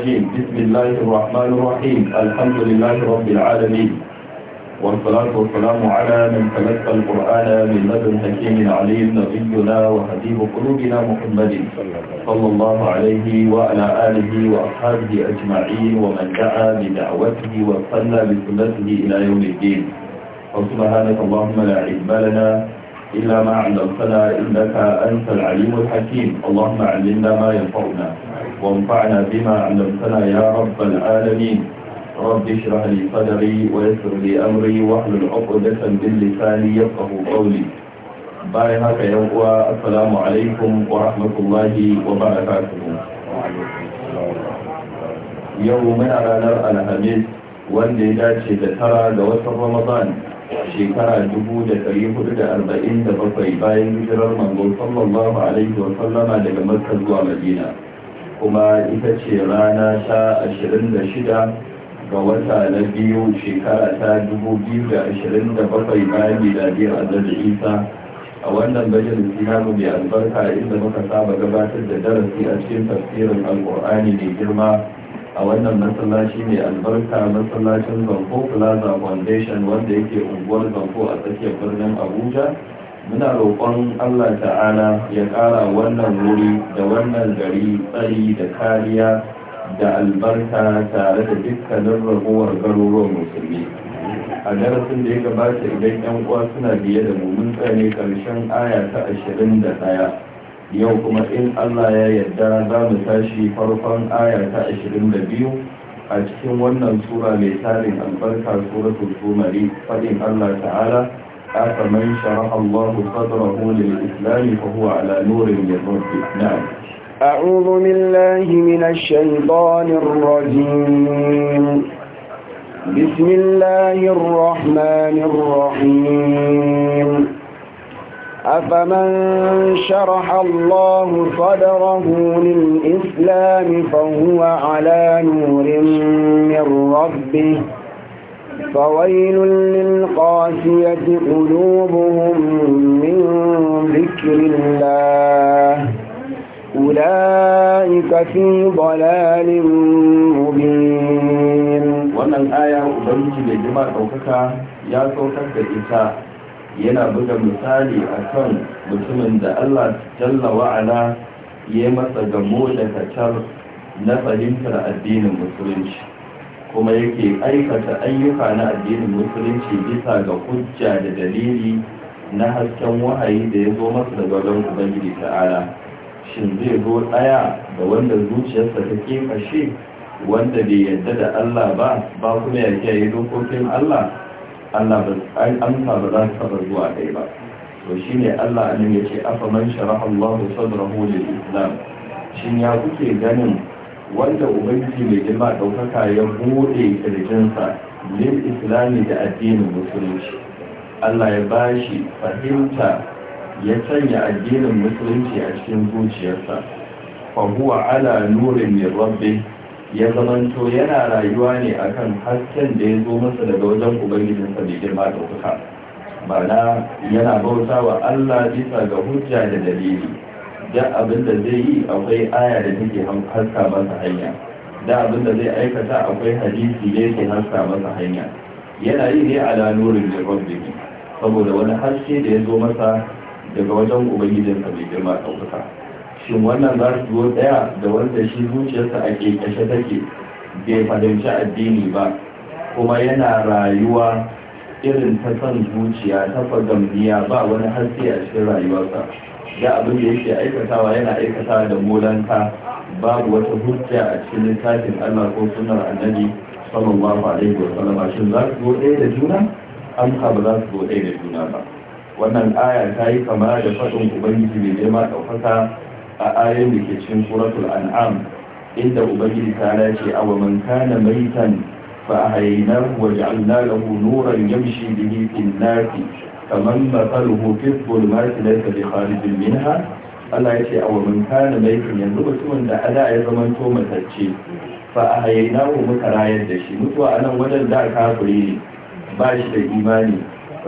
الرجيم بسم الله الرحمن الرحيم الحمد لله رب العالمين والصلاة والسلام على من تلقى القرآن من لدى حكيم عليم نبينا وحبيب قلوبنا محمد صلى الله عليه وعلى آله وأصحابه أجمعين ومن دعا بدعوته وصلى بسنته إلى يوم الدين سبحانك اللهم لا علم لنا إلا ما علمتنا إنك أنت العليم الحكيم اللهم علمنا ما ينفعنا وانفعنا بما علمتنا يا رب العالمين رب اشرح لي صدري ويسر لي أمري واحلل عقدة من لساني يفقه قولي bayan haka yan uwa assalamu alaikum wa rahmatullahi wa barakatuhu yau muna ranar alhamis wanda ya dace da tara ga watan ramadan shekara 1447 bayan hijirar manzo sallallahu alaihi wa sallama daga makka zuwa madina kuma ita ce rana ta 26 ga wata na biyu shekara ta 2027 bayan miladiyar da isa a wannan bayanin namu mai albarka inda muka saba gabatar da darasi a cikin tafsirin alkur'ani mai girma a wannan masallaci mai albarka masallacin zanko plaza foundation wanda yake unguwar zanko a tsakiyar birnin abuja muna roƙon Allah ta'ala ya ƙara wannan wuri da wannan gari tsari da kariya da albarka tare da dukkanin ragowar garuruwan musulmi a darasin da ya gabata idan yan uwa suna biye da mumin tsane karshen aya ta ashirin da ɗaya yau kuma in Allah ya yarda za mu tashi farkon aya ta ashirin da biyu a cikin wannan tura mai tarin albarka suratul zumari faɗin Allah ta'ala أفمن شرح الله صدره للإسلام فهو على نور من ربه نعم أعوذ بالله من الشيطان الرجيم بسم الله الرحمن الرحيم أفمن شرح الله صدره للإسلام فهو على نور من ربه فويل للقاسية قلوبهم من ذكر الله أولئك في ضلال مبين wannan aya ubangiji mai jima ɗaukaka ya saukar da ita yana buga misali akan mutumin da Allah jalla wa'ala ya yi masa gamo da kacar na fahimtar addinin musulunci kuma yake aikata ayyuka na addinin musulunci bisa ga hujja da dalili na hasken wahayi da ya zo masa daga wajen ubangiji ta'ala shin zai zo ɗaya da wanda zuciyarsa ta kefashe wanda bai yadda da allah ba ba kuma ya kiyaye dokokin allah allah ba amsa ba za su taɓa zuwa kai ba to shine allah anan ya ce afa man sharaha allahu sadrahu lil islam shin ya kuke ganin wanda ubangiji mai girma ɗaukaka ya buɗe kirjinsa lil islami da addinin musulunci allah ya bashi fahimta ya canya addinin musulunci a cikin zuciyarsa fahuwa ala nurin min rabbi ya zamanto yana rayuwa ne akan hasken da ya zo masa daga wajen ubangijinsa mai girma ɗaukaka na yana bauta wa allah bisa ga hujja da dalili Da abin da zai yi akwai aya da take haska masa hanya da abin da zai aikata akwai hadisi da yake haska masa hanya yana yi ne ala nurin da rabbi saboda wani haske da ya zo masa daga wajen sa mai girma ɗaukaka shin wannan za su zo ɗaya da wanda shi zuciyarsa a kashe take bai fahimci addini ba kuma yana rayuwa irin ta son zuciya ta fagamniya ba wani haske a cikin rayuwarsa da abin da yake aikatawa yana aikatawa da molanta babu wata hujja a cikin littafin Allah ko sunnar annabi sallallahu alaihi wa sallam shin za su zo ɗaya da juna an ka ba za su zo ɗaya da juna ba wannan aya ta yi kama da faɗin ubangiji mai girma ɗaukaka a ayoyin da ke cikin suratul an'am inda ubangiji ta dace awa man kana maitan fa ahyaynahu wa ja'alna lahu nuran yamshi bihi fil nasi kaman masaluhu fi da laysa bi jirgin minha Allah ya ce a wa mun kana laifin yanzu mutumin da ada ya zama to matacce fa a hayyana muka rayar da shi mutuwa anan wajen da kafiri ne ba shi da imani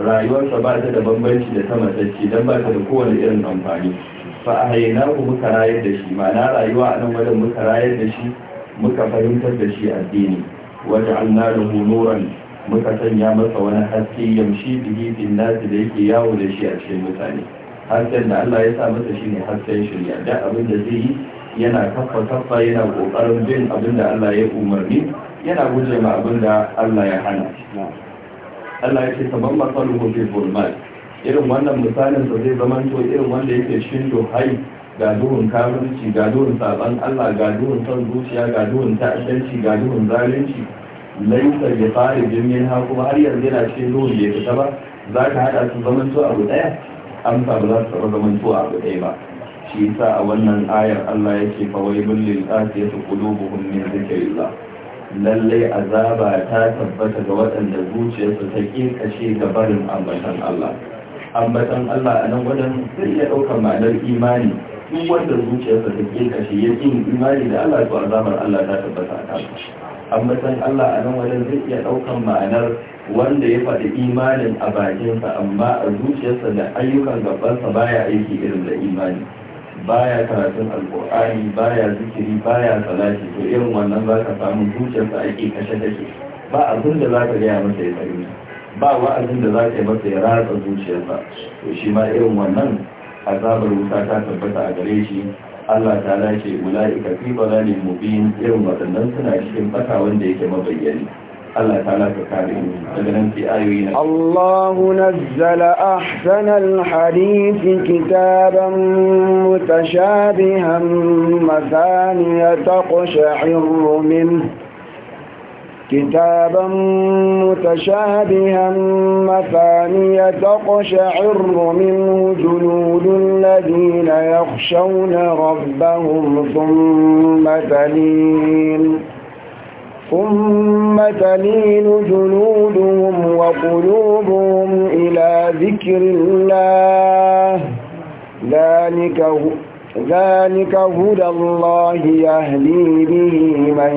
rayuwarsa ba ta da bambanci da ta matacce don ba ta da kowane irin amfani fa a hayyana muka rayar da shi ma'ana rayuwa anan wajen muka rayar da shi muka fahimtar da shi addini wajen lahu nuran muka sanya masa wani haske yamshi bihi fil nasi da yake yawo da shi a cikin mutane hasken da Allah ya sa masa shi ne hasken shirya da abin da zai yi yana kafa kafa yana kokarin bin abin da Allah ya umarni yana guje ma abin da Allah ya hana Allah ya ce saban ko fi zulmat irin wannan misalin sa zai zama to irin wanda yake cikin duhai ga duhun kafirci ga duhun saban Allah ga duhun son zuciya ga duhun ta'addanci ga duhun zalunci laisa bi kharijin minha kuma har yanzu yana cikin ruhi ya fita ba za ka haɗa su zaman zuwa abu daya amsa ba za su taɓa zaman zuwa abu ɗaya ba shi sa a wannan ayar Allah ya yake fa wailul lil qasiyati qulubuhum min dhikrillah lalle azaba ta tabbata ga waɗanda zuciyarsu ta kinkashe ga barin ambatan Allah ambatan Allah a nan wajen zai iya ɗaukar ma'anar imani duk wanda zuciyarsa ta kinkashe ya imani da Allah to azabar Allah ta tabbata a kansa san Allah a nan wajen zai iya ɗaukan ma'anar wanda ya faɗi imanin a bakinsa amma a zuciyarsa da ayyukan gabansa baya aiki irin da imani baya karatun alkur'ani baya zikiri baya salati to irin wannan za ka samu zuciyarsa ake kashe kashe ba abin da za ka gaya masa ya tsari ba wa'azin da za yi masa ya ratsa zuciyarsa to shi ma irin wannan azabar wuta ta tabbata a gare shi Allah ta lace ula'ika fi balalin mubin irin waɗannan suna cikin bata wanda yake mabayyani Allah ta lace kare daga nan sai ayoyi na nazzala ahsanal hadith kitaban mutashabihan masaniya taqsha'ir minhu كتابا متشابها مثانية تقشعر منه جنود الذين يخشون ربهم ثم تلين ثم تلين جنودهم وقلوبهم إلى ذكر الله ذلك هو ذلك هدى الله يهدي به من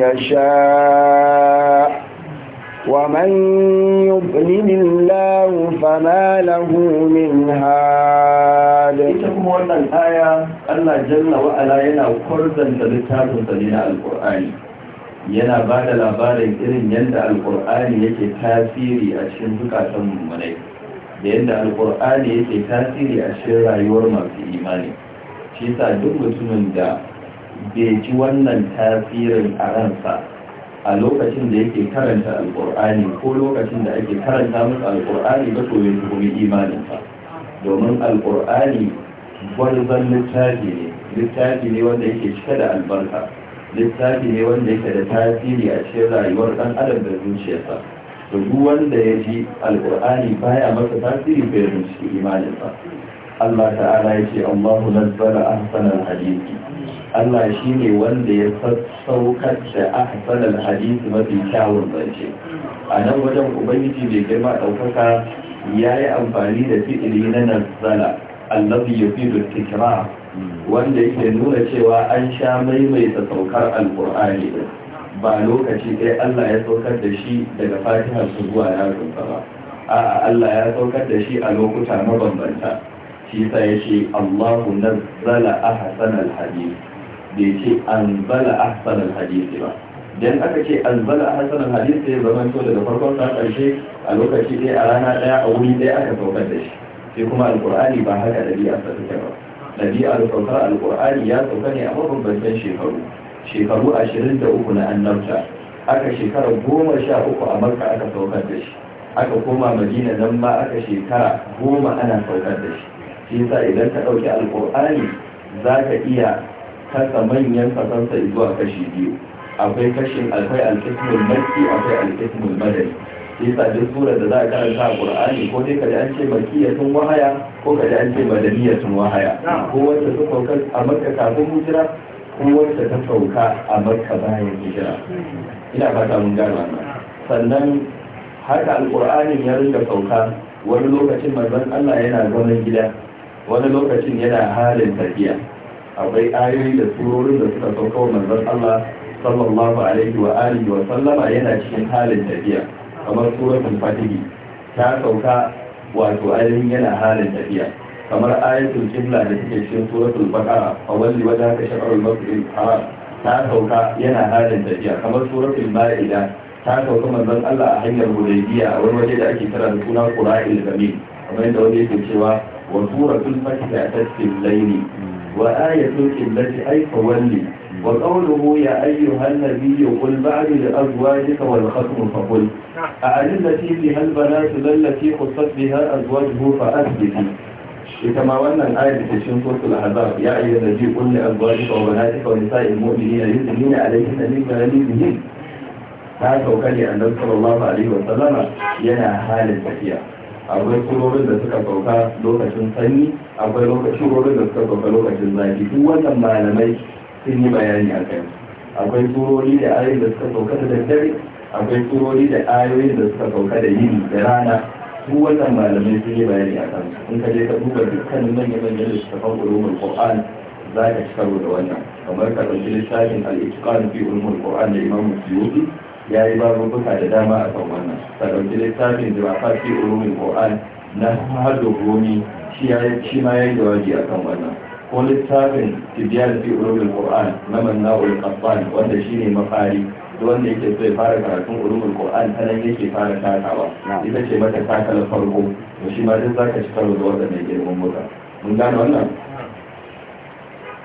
يشاء ومن يضلل الله فما له من هاد كتب wannan aya Allah jalla wa ala yana kurzanta littafin sa na alqur'ani yana ba da labarin irin yadda alqur'ani yake tasiri a cikin zukatan mummunai da yadda alqur'ani yake tasiri a cikin rayuwar masu imani shi sa duk mutumin da bai ji wannan tasirin a ransa a lokacin da yake karanta alkur'ani ko lokacin da ake karanta musu alkur'ani ba to ya imaninsa domin alkur'ani gwarzon littafi ne littafi ne wanda yake cike da albarka littafi ne wanda yake da tasiri a cikin rayuwar dan adam da zuciyarsa to duk wanda ya ji alkur'ani baya masa tasiri bai binciki imaninsa Allah ta'ala Ya ce Allahu nazzala ahsanal hadisi Allah shine wanda ya saukar da ahsanal hadisi mafi kyawun zance a nan wajen ubangiji mai girma ɗaukaka ya yi amfani da fi'ili na nazzala allazi yufidu tikra wanda yake nuna cewa an sha maimaita saukar alqur'ani ba lokaci ɗaya Allah ya saukar da shi daga fatihar su zuwa yaron ba A'a Allah ya saukar da shi a lokuta mabambanta shi sa ya ce allahu a ahsan alhadith bai ce a ahsan alhadith ba Idan aka ce a ahsan alhadith ya zama to daga farkon sa karshe a lokaci dai a rana daya a wuri daya aka saukar da shi sai kuma alkur'ani ba haka ɗabi'a sa take ba da saukar alqur'ani ya sauka ne a mabambantan shekaru shekaru ashirin da uku na annabta aka shekara goma sha uku a makka aka saukar da shi aka koma madina don ma aka shekara goma ana saukar da shi shi yasa idan ka ɗauki alƙur'ani za ka iya kasa manyan fasansa zuwa kashi biyu akwai kashin akwai alkismul maki akwai alkismul madari shi yasa duk sura da za a karanta a qur'ani ko dai kaji an ce tun wahaya ko kaji an ce tun wahaya ko wacce ta sauka a makka kafin hijira ko wacce ta sauka a makka bayan hijira ina fata mun gano wannan sannan haka alqur'ani ya rinka sauka wani lokacin manzon Allah yana zaman gida wani lokacin yana halin tafiya akwai ayoyi da surorin da suka sauka wa manzon Allah sallallahu alaihi wa alihi wa sallama yana cikin halin tafiya kamar suratul fatihi ta sauka wato ayoyin yana halin tafiya kamar ayatul jimla da take cikin suratul baqara fa walli wajhaka shatrul masjidil haram ta sauka yana halin tafiya kamar suratul ma'ida ta sauka manzon Allah a hanyar hudaybiya a wani waje da ake kira da suna qura'il kamil kamar yadda wani yake cewa وسورة المسجد أتت الليل وآية التي أي فولي وقوله يا أيها النبي قل بعد لأزواجك والختم فقل نعم. أعلم التي بها البنات التي خصت بها أزواجه فأثبتي كما قلنا الآية في تشين سورة الأحباب يا أيها النبي قل لأزواجك وبناتك ونساء المؤمنين يدلين عليهن من يبغلي هذا وكان النبي صلى الله عليه وسلم ينهى حال التكيئة akwai kurorin da suka sauka lokacin sanyi akwai kurorin da suka sauka lokacin zafi duk wannan malamai sun yi bayani a kai akwai kurori da ayoyin da suka sauka da daddare akwai kurori da ayoyin da suka sauka da yini da rana duk wannan malamai sun yi bayani a kan in ka je ka duba dukkanin manyan manyan littattafan ulumul qur'an za ka ci karo da wannan kamar ka ɗauki littafin al-itqan fi ulumul qur'an da imamu suyuti ya yi babubuka da dama a kan wannan sadauki littafin da ba fi ulumin ƙo'an na hado goni shi ma ya yi jawabi a kan wannan ko littafin tibiyar fi ulumin ƙo'an na manna'ul ƙasban wanda shi ne mafari wanda yake so ya fara karatun urumin qur'an ta nan yake fara takawa ita ce mata takala farko to shi ma duk ka ci karo da mai girman muka mun gane wannan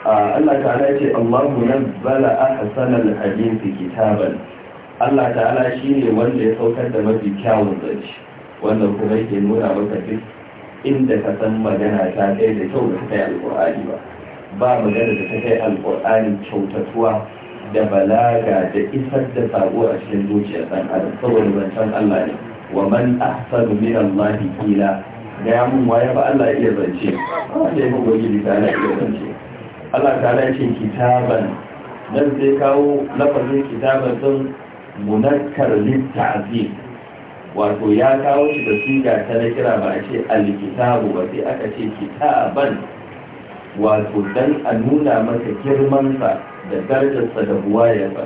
Allah ta'ala ya ce Allahu nazzala ahsana al-hadisi kitaban Allah ta'ala shi ne wanda ya saukar da mafi kyawun zance wanda kuma yake nuna maka duk inda ka san magana ta kai da kyau da ta kai alƙur'ani ba ba magana da ta kai alƙur'ani kyautatuwa da balaga da isar da sabo a cikin zuciyar ɗan adam saboda zancen Allah ne wa man ahsanu min Allah kila da ya mun waye ba Allah iya zance ba sai mu goyi da Allah iya zance Allah ta'ala ya ce kitaban dan sai kawo lafazin kitaban sun munakkar littafin wato ya kawo shi da siga ta na kira ba a ce alkitabu ba sai aka ce kitaban wato dan a nuna masa girmansa da darajarsa da buwayarsa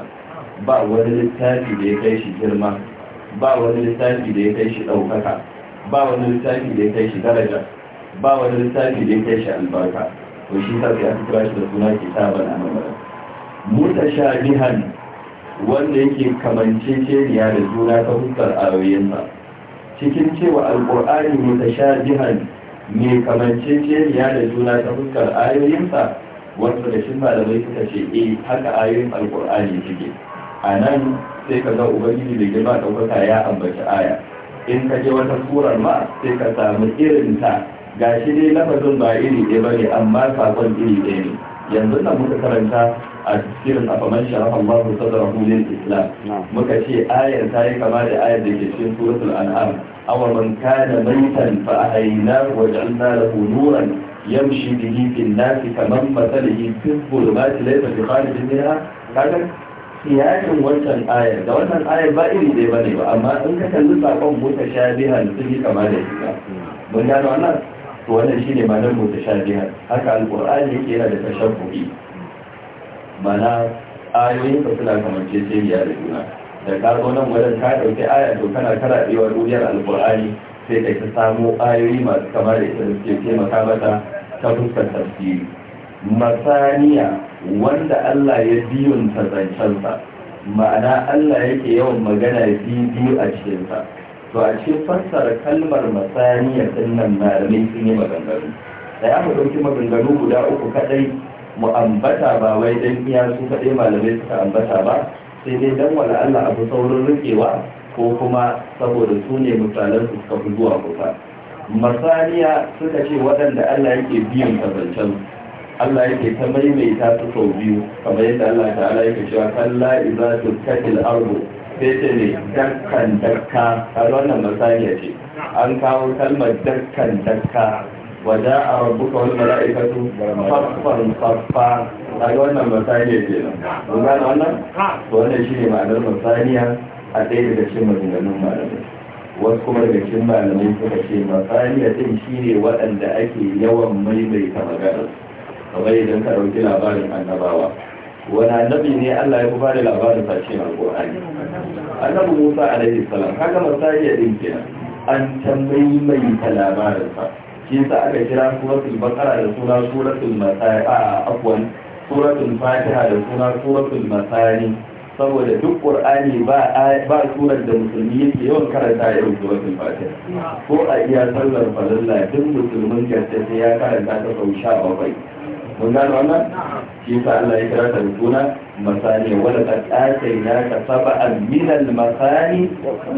ba wani littafi da ya kai shi girma ba wani littafi da ya kai shi ɗaukaka ba wani littafi da ya kai shi daraja ba wani littafi da ya kai shi albarka to shi sa sai aka kira shi da suna kitaban annabawa mutashabihan wanda yake kamance kamanceceniya da juna ta fuskar ayoyinsa cikin cewa alkur'ani mutashabihan ne kamanceceniya da juna ta fuskar ayoyinsa wanda da shin malamai suka ce e haka ayoyin alkur'ani suke a nan sai ka ga ubangiji da girma ɗaukaka ya ambaci aya in ka je wata surar ma sai ka samu irin ta gashi dai lafazin ba iri ɗaya ba ne amma sakon iri ɗaya ne yanzu na muka karanta a cikin afaman sharafa Allah su sadara hulun islam muka ce ayar ta yi kama da ayar da ke cikin suratul an'am awa man kana maitan fa ahayna wa ja'alna lahu nuran yamshi bihi fil nas kaman mathalihi fi dhulumati laysa bi kharij minha kaga siyasin wancan ayar da wannan ayar ba iri ɗaya bane ba amma in ka kalli sakon mota mutashabihan sun yi kama da shi mun gano wannan to wannan shine mota shabiha. haka alqur'ani yake yana da tashabbuhi mana ayoyin da suna kamance ce da juna da ka nan wajen ka ɗauki aya to kana karaɗewa duniyar alƙur'ani sai da ta samo ayoyi masu kama da ita da suke taimaka mata ta fuskar tafsiri masaniya wanda Allah ya biyun biyunta zancensa ma'ana Allah yake yawan magana biyu a cikinsa to a cikin fassara kalmar masaniya din nan malamai sun yi maganganu da ya ɗauki maganganu guda uku kaɗai mu ambata ba wai dan iya su kaɗai malamai suka ambata ba sai dai dan wala Allah abu saurin rikewa ko kuma saboda su ne misalan su suka fi zuwa kusa masaniya suka ce waɗanda Allah yake biyan kazancen Allah yake ta maimaita su sau biyu kamar yadda Allah ta'ala yake cewa kalla su tukkatil ardu sai ce ne dakkan dakka kaga wannan masaniya ce an kawo kalmar dakkan dakka wannan masaniya والملائكة صفا صفا هاي وانا مسانية كده وقال وانا وانا شيء معنى المسانية أتيت كشمة من النوم wasu kuma daga cikin malamai suka ce masaniya din ne waɗanda ake yawan maimaita magana kamar idan ka ɗauki labarin annabawa wani annabi ne Allah ya ba da labarin sa cikin alƙur'ani annabi Musa alaihi salam Haka masaniya din kenan an ta maimaita labarinsa. shi yasa aka kira suratul bakara da suna suratul masani a afwan suratul fatiha da suna suratul masani saboda duk qur'ani ba ba surar da musulmi yake yawan karanta irin suratul fatiha ko a iya sallar falalla duk musulmin gaske sai ya karanta ta sau sha bakwai mun gano wannan shi yasa Allah ya kira ta da suna masani wala qad ya ka sab'an min al-masani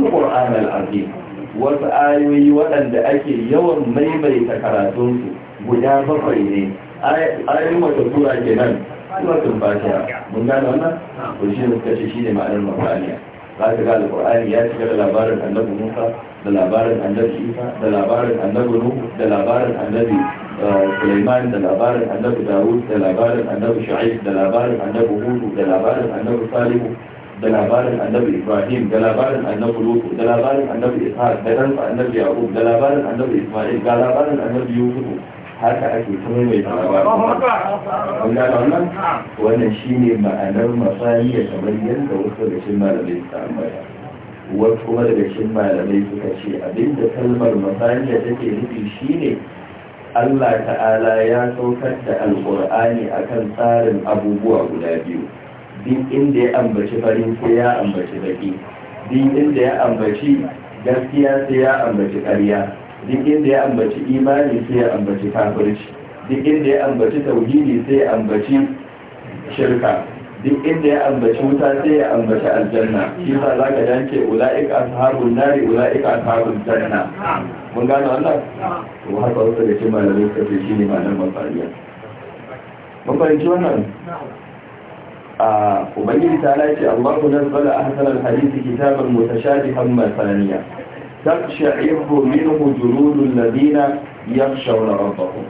qur'an al-azim wasu ayoyi waɗanda ake yawan maimaita karatunsu guda bakwai ne ayoyin wata tura ke nan suratun fatiha mun gane wannan to shi ne suka ce shi ne ma'anar mafaniya za ka ga alƙur'ani ya cika da labarin annabi musa da labarin annabi isa da labarin annabi nuhu da labarin annabi eh, Sulaiman da labarin annabi Dawud da labarin annabi Shu'aib da labarin annabi Hudu da labarin annabi Salihu da labarin annabi ibrahim da labarin annabi lutu da labarin annabi ishaq da ɗansa annabi yaqub da labarin annabi isma'il da labarin annabi yusuf haka ake ta mai labarin wanda da wannan shine ma'anar masaniya kamar yadda wasu daga cin malamai suka ambata wasu kuma daga cin malamai suka ce abinda kalmar masaniya take nufi shine Allah ta'ala ya saukar da alƙur'ani akan tsarin abubuwa guda biyu din inda ya ambaci farin sai ya ambaci baki din inda ya ambaci gaskiya sai ya ambaci ƙarya din inda ya ambaci imani sai ya ambaci kafirci din inda ya ambaci tauhidi sai ya ambaci shirka din inda ya ambaci wuta sai ya ambaci aljanna shi sa za ka dace ula'ika ashabun nari ula'ika ashabun janna mun gano wannan to haka wasu da shi malamai suka ce shine malaman fariya mun fahimci wannan ubangiji ta lafi allahu nazzala ahsanal hadisi kitaban mutashabihan masaniya taqsha'iru minhu juludul ladina yakhshawna rabbahum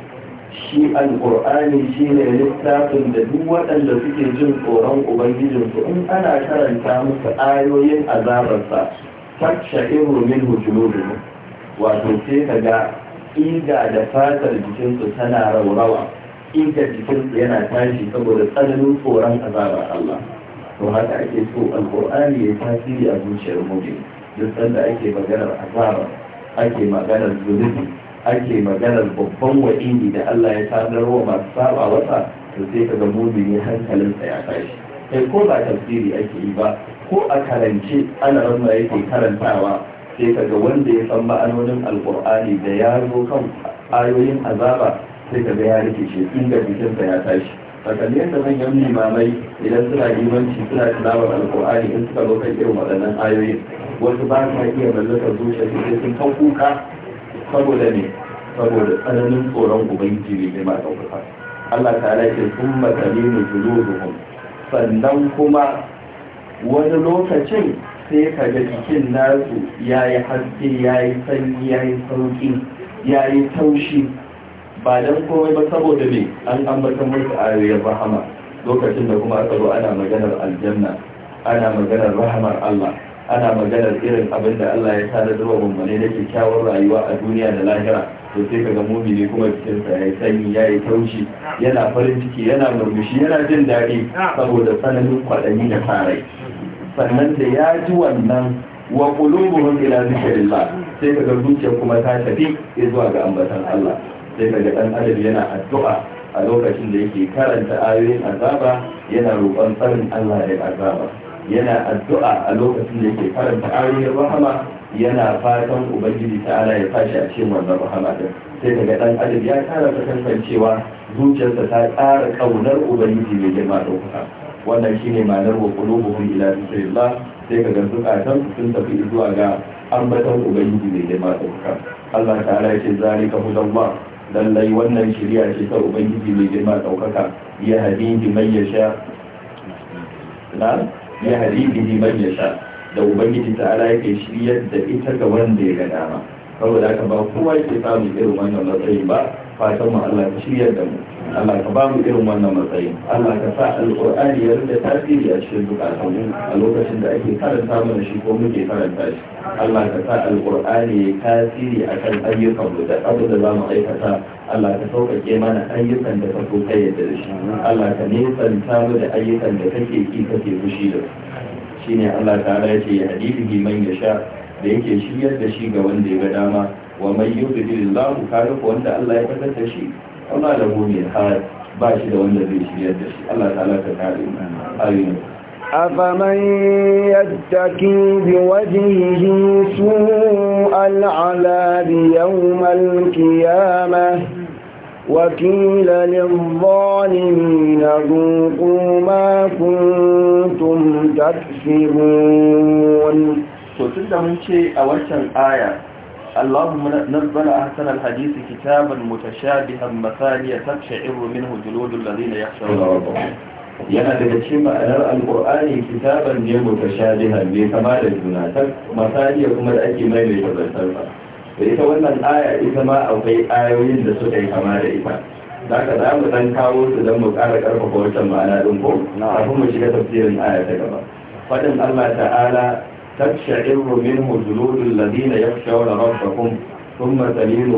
shi alqur'ani shine littafin da duk waɗanda suke jin tsoron ubangijinsu in ana karanta musu ayoyin azabarsa taqsha'iru minhu juludul wato sai kaga iga da fatar jikinsu tana raurawa inda jikin yana tashi saboda tsananin tsoron azabar Allah to haka ake so alqur'ani ya tasiri a zuciyar mu'min duk sanda ake maganar azaba ake maganar zunubi ake maganar babban wa'idi da Allah ya sanar wa masu saba wata to sai kaga mu'min hankalinsa ya tashi kai ko ba tafsiri ake yi ba ko a karance ana ramma yake karantawa sai kaga wanda ya san ma'anonin alqur'ani da ya zo kan ayoyin azaba sai ka ga ya rike shi inda jikinsa ya tashi a kalli yadda manyan limamai idan suna limanci suna tilawar alkur'ani in suka lokacin irin waɗannan ayoyi wasu ba sa iya mallakar zuciya sai sun kan kuka saboda ne saboda tsananin tsoron ubangiji ne ma ɗaukaka Allah ta lafi sun matsali mu juluruhum sannan kuma wani lokacin sai ka ga jikin nasu ya yi haske ya yi sanyi ya yi sauƙi ya yi taushi ba don komai ba saboda ne an ambatan a yayin rahama lokacin da kuma aka zo ana maganar aljanna ana maganar rahamar Allah ana maganar irin abin da Allah ya tare da rubun mane da kyakkyawar rayuwa a duniya da lahira to sai kaga mumini kuma cikin sa yayi sanyi yayi taushi yana farin ciki yana murmushi yana jin daɗi saboda sananin kwadani da farai sannan da ya ji wannan wa qulubuhum ila zikrillah sai kaga zuciya kuma ta tafi zuwa ga ambatan Allah sai kaga dan adam yana addu'a a lokacin da yake karanta ayoyin azaba yana roƙon tsarin Allah da azaba yana addu'a a lokacin da yake karanta ayoyin rahama yana fatan ubangiji ta'ala ya fashi a cikin wannan rahama din sai kaga dan adam ya kara kasancewa zuciyarsa ta ƙara kaunar ubangiji mai girma kuka wannan shine ma'anar wa qulubuhum ila dhikrillah sai ga zukatan sun tafi zuwa ga ambatan ubangiji mai girma kuka Allah ta'ala ya ce zalika hudallah lallai wannan shirya ce ta ubangiji mai girma ɗaukaka ya hadin bi mai na ya bi da ubangiji ta ala yake shirya da ita ga wanda ya ga dama saboda haka ba kowa yake samun irin wannan matsayi ba fatan mu Allah ya shiryar da mu Allah ka ba mu irin wannan matsayi Allah ka sa alƙur'ani ya rinda tasiri a cikin zukatan a lokacin da ake karanta mana shi ko muke karanta shi Allah ka sa alƙur'ani ya tasiri a kan ayyukan mu da abu da za mu aikata Allah ka sauƙaƙe mana ayyukan da ka so kai da shi Allah ka nesanta mu da ayyukan da kake ki kake fushi da su shine Allah ta ya ce hadithi man sha da yake shiryar da shi ga wanda ya ga dama wa man yudlilillahu kaga wanda Allah ya kasance shi amma da mu ne har ba shi da wanda zai shirya da shi Allah ta'ala ka kare mu amin أفمن يتكي بوجهه سوء العذاب يوم القيامة وكيل للظالمين ذوقوا ما كنتم تكسبون. وتلك من شيء أولا آية اللهم نزل أحسن الحديث كتابا متشابها مثانية تقشعر منه جلود الذين يخشون ربهم yana daga cikin ma'anar alƙur'ani kitaban ne mutashabihan ne kama da juna ta masaliya kuma da ake maimaita zantarsa da ita wannan aya ita ma akwai ayoyin da suka yi kama da ita za ka za mu dan kawo su don mu ƙara karfafa wancan ma'ana ɗin ko kafin mu shiga tafsirin aya ta gaba faɗin allah ta'ala تقشعر منه جلود الذين يخشون ربهم ثم تلين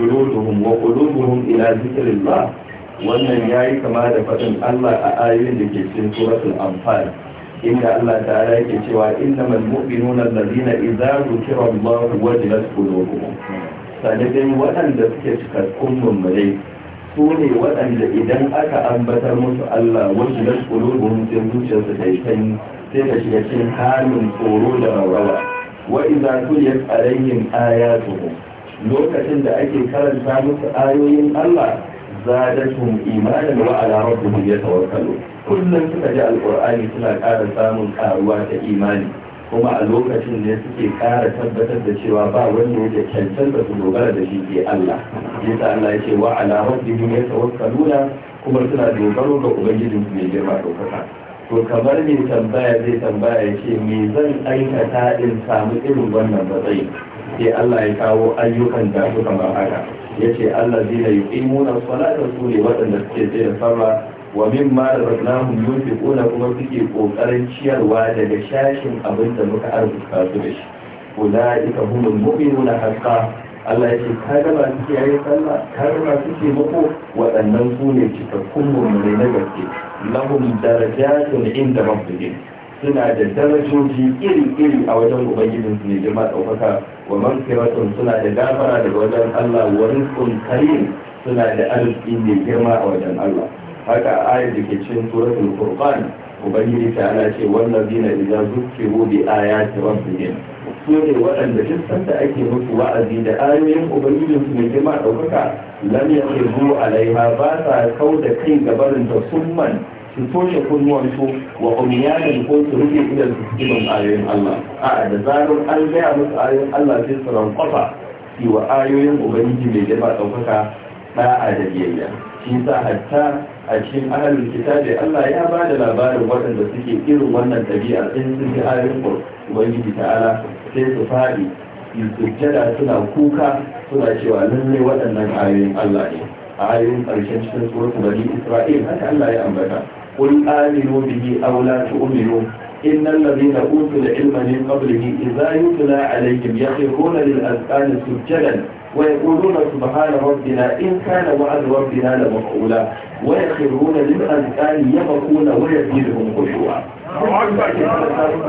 جلودهم وقلوبهم إلى ذكر الله wannan ya yi kama da faɗin Allah a ayoyin da ke cikin suratul anfal inda Allah ta'ala yake cewa innamal mu'minuna allazina idza dhukira Allah wajilat qulubuhum sanadai waɗanda suke cikakkun mummure su ne waɗanda idan aka abatar musu Allah wajilat qulubuhum sai zuciyarsu ta yi sanyi sai ka shiga cikin halin tsoro da rawala wa idza tuliyat alaihim ayatuhu lokacin da ake karanta musu ayoyin Allah zadatum imanan wa ala rabbihim yatawakkalu kullum suka ji alqur'ani suna ƙara samun karuwa ta imani kuma a lokacin ne suke ƙara tabbatar da cewa ba wanda yake da su dogara da shi ke Allah yasa Allah ya ce wa ala rabbihim yatawakkaluna kuma suna dogaro ga ubangijinsu mai girma ɗaukaka to kamar mai tambaya zai tambaya ya ce me zan aikata in samu irin wannan matsayi sai Allah ya kawo ayyukan da su kamar haka ya ce Allah zai na yi imuna salata su ne waɗanda suke sai da sarra wa min ma da rasulahun yufi kuma suke ƙoƙarin ciyarwa daga shashin abin da muka arzuta su da shi ulaika humul mu'minuna haqqan Allah ya ce kada ba suke yayin sallah kada ba suke mako waɗannan su ne cikakkun mummuni na gaske lahum darajatun inda rabbihim suna da darajoji iri-iri a wajen ubangijin su ne girma ɗaukaka wa mankiratun suna da gafara daga wajen Allah wa rizqun karim suna da arziki mai girma a wajen Allah haka ayat da ke cikin suratul furqan ubangiji ta ala ce wallazina idza zukkiru bi ayati rabbihim su ne waɗanda duk sanda ake musu wa'azi da ayoyin ubangijin su mai girma ɗaukaka lam yaqiru alaiha ba sa kau da kai gabarin ta summan ko ya kun wa umiyanin ko su rufe su zuwan ayoyin Allah a da zarar an gaya musu ayoyin Allah sai su rankwafa yi wa ayoyin ubangiji mai jaba ɗaukaka ɗaya da biyayya shi sa hatta a cikin ahalin da Allah ya ba da labarin waɗanda suke irin wannan ɗabi'a in sun ji ayoyin ubangiji ta'ala sai su faɗi sujjada suna kuka suna cewa lallai waɗannan ayoyin Allah ne a ayoyin ƙarshen cikin tsoron bani Isra'il haka Allah ya ambata قل آمنوا به أو لا تؤمنوا إن الذين أوتوا العلم من قبله إذا يتلى عليهم يخرون للأذقان سجدا ويقولون سبحان ربنا إن كان وعد ربنا لمفعولا ويخرون للأذقان يبكون ويزيدهم خشوعا.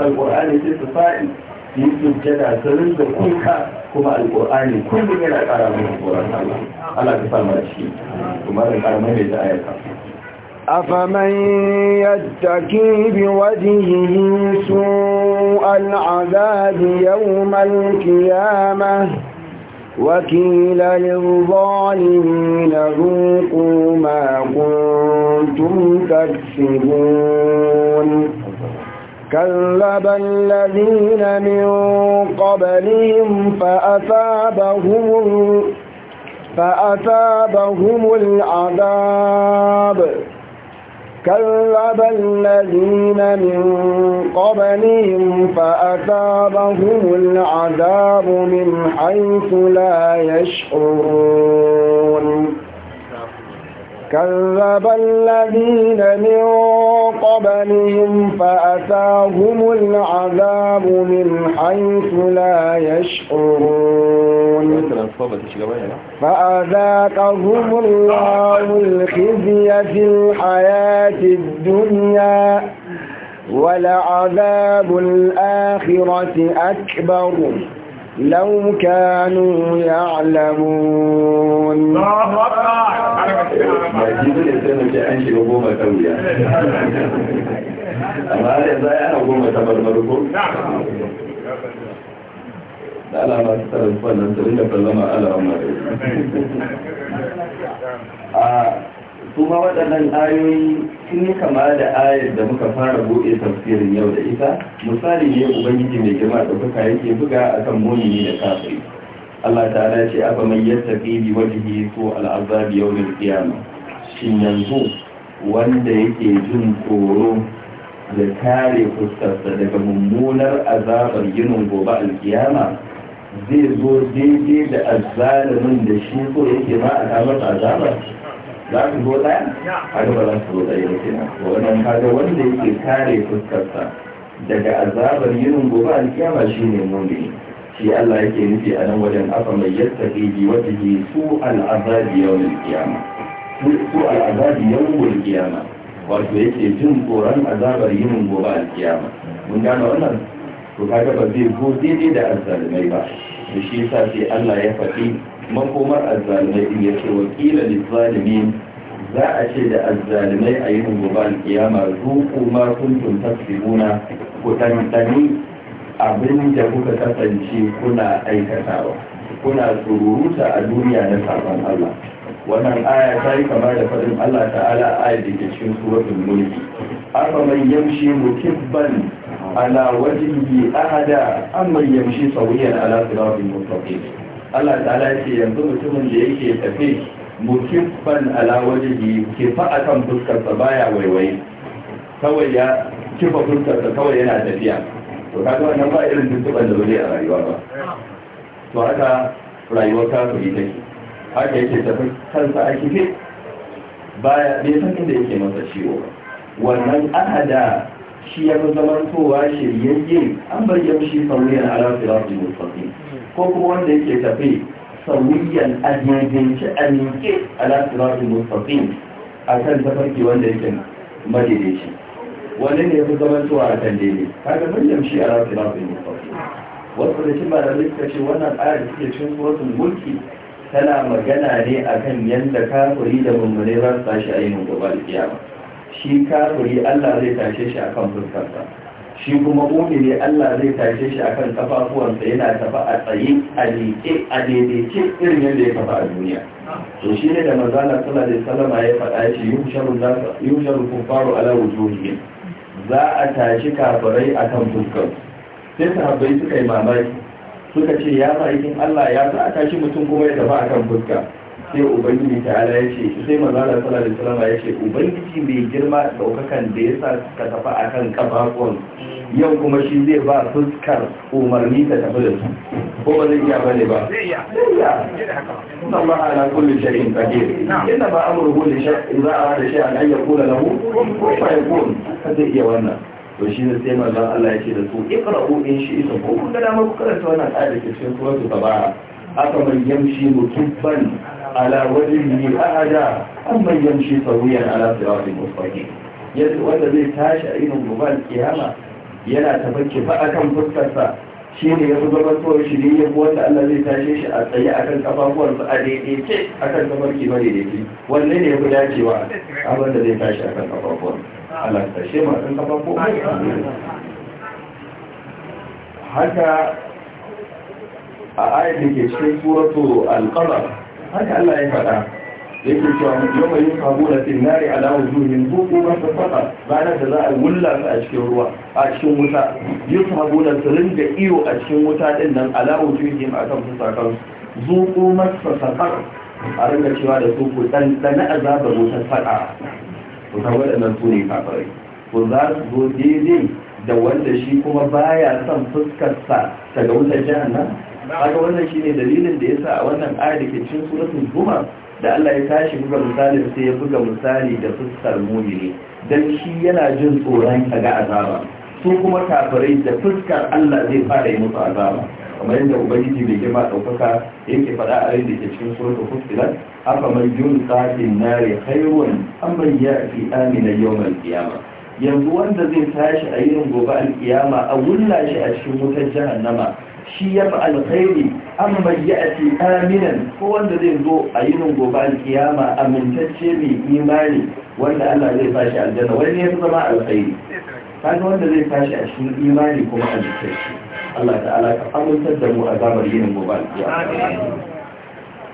القرآن ست فائل su yi sujjada su rinka kuka kuma alƙur'ani kullum yana ƙara mana tsoron Allah Allah ka sa mana shi kuma da ƙara mai da ayata أفمن يتكي بوجهه سوء العذاب يوم القيامة وكيل للظالمين ذوقوا ما كنتم تكسبون كذب الذين من قبلهم فأثابهم فأثابهم العذاب كذب الذين من قبلهم فأتابهم العذاب من حيث لا يشعرون كذب الذين من قبلهم فأتاهم العذاب من حيث لا يشعرون فأذاكهم الله الخزي في الحياة الدنيا ولعذاب الآخرة أكبر لو كانوا يعلمون الله kuma waɗannan ayoyi sun yi kama da ayar da muka fara buɗe tafsirin yau da ita misali ne ubangiji mai girma ɗaukaka yake buga akan mumini da kafiri Allah ta'ala ce afa man yattaqi bi al'azabi su al'azab yawm al-qiyamah shin yanzu wanda yake jin tsoro da kare fuskarsa daga mummunar azabar yinin gobe alkiyama zai zo daidai da azalimin da shi ko yake ma a kamar azabar za ku zo ɗaya a ga za su zo ɗaya ba ke nan wannan kaga wanda yake kare fuskarsa daga azabar yin gobe alkiyama shi ne mumini shi Allah yake nufi a nan wajen afa mai yadda yattaqi bi wajhi su al'azabi yawm al-qiyama su al'azabi yawm al-qiyama wato yake jin tsoron azabar yin gobe al'kiyama. mun gane wannan to kaga ba zai go daidai da azzalimai ba to shi yasa sai Allah ya faɗi makomar azzalimai din yake wakila lizzalimin za a ce da azzalimai a yi gobe alkiyama zuku ma kuntum tasbihuna ku tantani abin da kuka kasance kuna aikatawa kuna sururuta a duniya na sabon Allah wannan aya ta yi kama da faɗin Allah ta'ala aya da cikin suratul mulki afa mai yamshi mukibban ala wajhihi ahada mai yamshi sawiyan ala siratin mustaqim Allah ta'ala ce yanzu mutumin da yake tafi ban ala ke kifa kan fuskarsa, ba baya waiwaye kawai ya kifa fuskarsa kawai yana tafiya to kaga wannan ba irin tuntuban da zai a rayuwa ba to haka rayuwar yi take haka yake tafi kansa a kife baya bai san inda yake masa ciwo ba wannan ahada shi ya zama towa shiryayye an bayyana shi sauye na ala sirati mustaqim ko kuma wanda yake tafi sauyiyan a a nike a lasirar mustafin a kan tafarki wanda yake madaidaici wanda ne ya fi zaman tuwa a kan daidai kaga mun yamshi a lasirar mustafin wasu da cin malamai rikka ce wannan ayar da suke cin suratul mulki tana magana ne a kan yadda kafuri da mummune za su tashi a yin gaba da kiyama shi kafuri, Allah zai tashe shi a kan fuskarsa shi kuma ne Allah zai tashe shi akan kafafuwansa yana tafa a tsaye a liƙe a daidaice irin yadda ya tafa a duniya to shi ne da manzana suna da salama ya faɗa shi faru kufaru ala wujuhihim za a tashi kafirai akan fuskar sai sahabbai suka yi mamaki suka ce ya ikin Allah ya sa a tashi mutum kuma ya tafi akan fuska sai ubangiji ta ala ya ce sai manzo Allah sallallahu alaihi wasallam ya ce ubangiji mai girma da daukakan da ya sa suka tafi akan kafafun yau kuma shi zai ba fuskar umarni ta tafi da su ko ba zai iya ba ne ba zai iya inna Allah ala kulli shay'in qadir inna ma amruhu li shay'in a arada shay'an an yaqula lahu kun fayakun zai iya wannan to shi ne sai manzo Allah ya ce da su iqra'u in shi'tum ko kun ga dama ku karanta wannan ayat da ke cikin suratul tabara aka man yamshi mutubban على وجهه أحدا أما يمشي سويا على صراط مستقيم wanda zai tashi a irin gobe kiyama yana tabbaci ba akan fuskarsa shi ne ya fi gabatowar shi ne ya fi wanda Allah zai tashe shi a tsaye akan kafafuwarsa a daidaice akan tabarki ba daidaice wanne ne ya fi dacewa abin da zai tashi Allah ta a ayat da ke cikin suratu al haka Allah ya faɗa Ya ke cewa yau mai yuka gona fil nari ala wujuhin zuku ma tafata ranar da za a wulla su a cikin ruwa a cikin wuta yuka gona su rinda iyo a cikin wuta ɗin nan ala wujuhin akan kan zuku ma tafata a rinka cewa da su ku dan dan azabar wutar fada Ku ta wadannan su ne kafirai ku za su zo daidai da wanda shi kuma baya son fuskarsa daga wutar nan. kaga wannan shine dalilin da yasa a wannan ayar da ke cikin suratul zumar da Allah ya tashi buga misali sai ya buga misali da fuskar mumini dan shi yana jin tsoron kaga azaba su kuma kafirai da fuskar Allah zai fara yi musu azaba kamar yadda ubangiji bai girma ɗaukaka yake faɗa a rai da ke cikin suratul fusilat haka man yun sa'in nare khairun a ya'ti amina yawmal qiyamah yanzu wanda zai tashi a yin gobe aliyama a wulla shi a cikin wutar jahannama shi ya fi alkhairi an bayyati aminan ko wanda zai zo a yi yinin gobe alkiyama amintacce mai imani wanda Allah zai fashi aljanna wani ya fi zama alkhairi kaga wanda zai fashi a cikin imani kuma amintacce Allah ta'ala ka amintar da mu a zamar yinin gobe alkiyama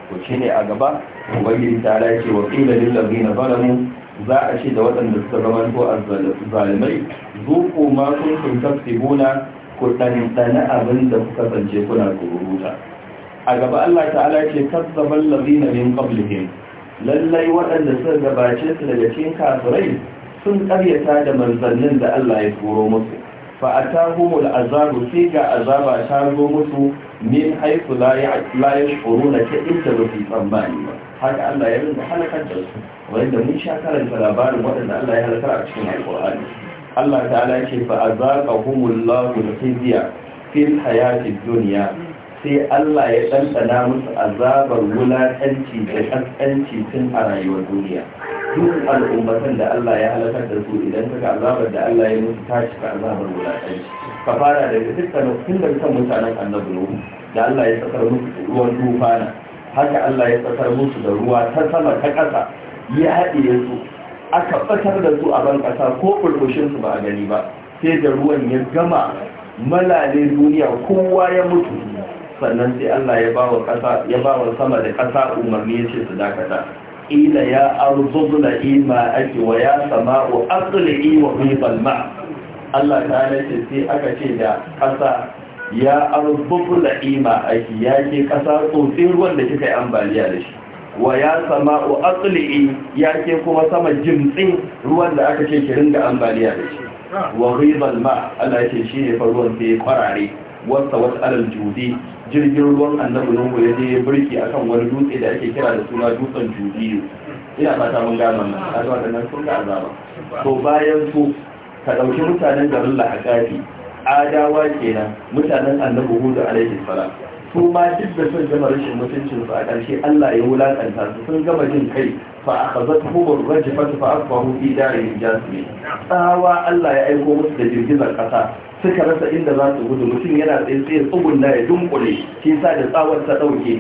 ko ne a gaba Wani ta ce wa qila lil ladina zalamu za a ce da waɗanda suka zama ko azzalimai zuku ma kuntum tasibuna ku ɗanɗana abin da kuka kasance kuna kuruta a gaba Allah ta'ala ce kazzaban lazina min qablihim lallai waɗanda suka gabace su daga cikin kafirai sun ƙaryata da manzannin da Allah ya koro musu fa atahumul azabu sai ga azaba ta zo musu min haythu la yashuruna ta inda ba tsammani ba haka Allah ya rinka halakar da su wanda mun sha karanta labarin waɗanda Allah ya halakar a cikin alƙur'ani Allah ta'ala ce fa azaqahumullahu al-khizya fil hayatid dunya sai Allah ya ɗanɗana musu azabar wulatanci da ƙasƙanci tun a rayuwar duniya duk al'ummatan da Allah ya halakar da su idan suka azabar da Allah ya musu ta cika azabar wulatanci. ka fara daga dukkanin tun da kan mutanen annabi Nuhu da Allah ya tsakar musu ruwan tufana haka Allah ya tsakar musu da ruwa ta sama ta ƙasa ya haɗe su a tabbatar da su a ban ƙasa ko burbushinsu ba a gani ba sai da ruwan ya gama malale duniya kowa ya mutu sannan sai Allah ya ba wa ya ba sama da ƙasa umarni ya ce su dakata ila ya arzubla ima ake wa ya sama'u asali wa hibal ma Allah ta ce sai aka ce da ƙasa ya arzubla ima ake ya ke ƙasa tsotsin ruwan da kika yi ambaliya da shi wa ya sama wa ya ke kuma sama jimtsin ruwan da aka ce kirin da ambaliya da shi wa rizal ma Allah ya ce shi ne fa da ya kwarare wasa alal judi jirgin ruwan annabi nuhu ya je birki akan wani dutse da ake kira da suna dutsen judi ina fata mun gama nan a zuwa nan sun ga azaba to bayan su ka ɗauki mutanen garin lahaqati adawa kenan mutanen annabi hudu alaihi salam su ma duk da sun gama rashin mutuncin su a ƙarshe Allah ya wulaƙanta su sun gama jin kai fa akhazatuhum fata fa asbahu fi darihim jasimin tsawa Allah ya aiko musu da girgizar ƙasa suka rasa inda za su gudu mutum yana tsaye tsaye tsugunna ya dunkule shi sa da tsawar ta ɗauke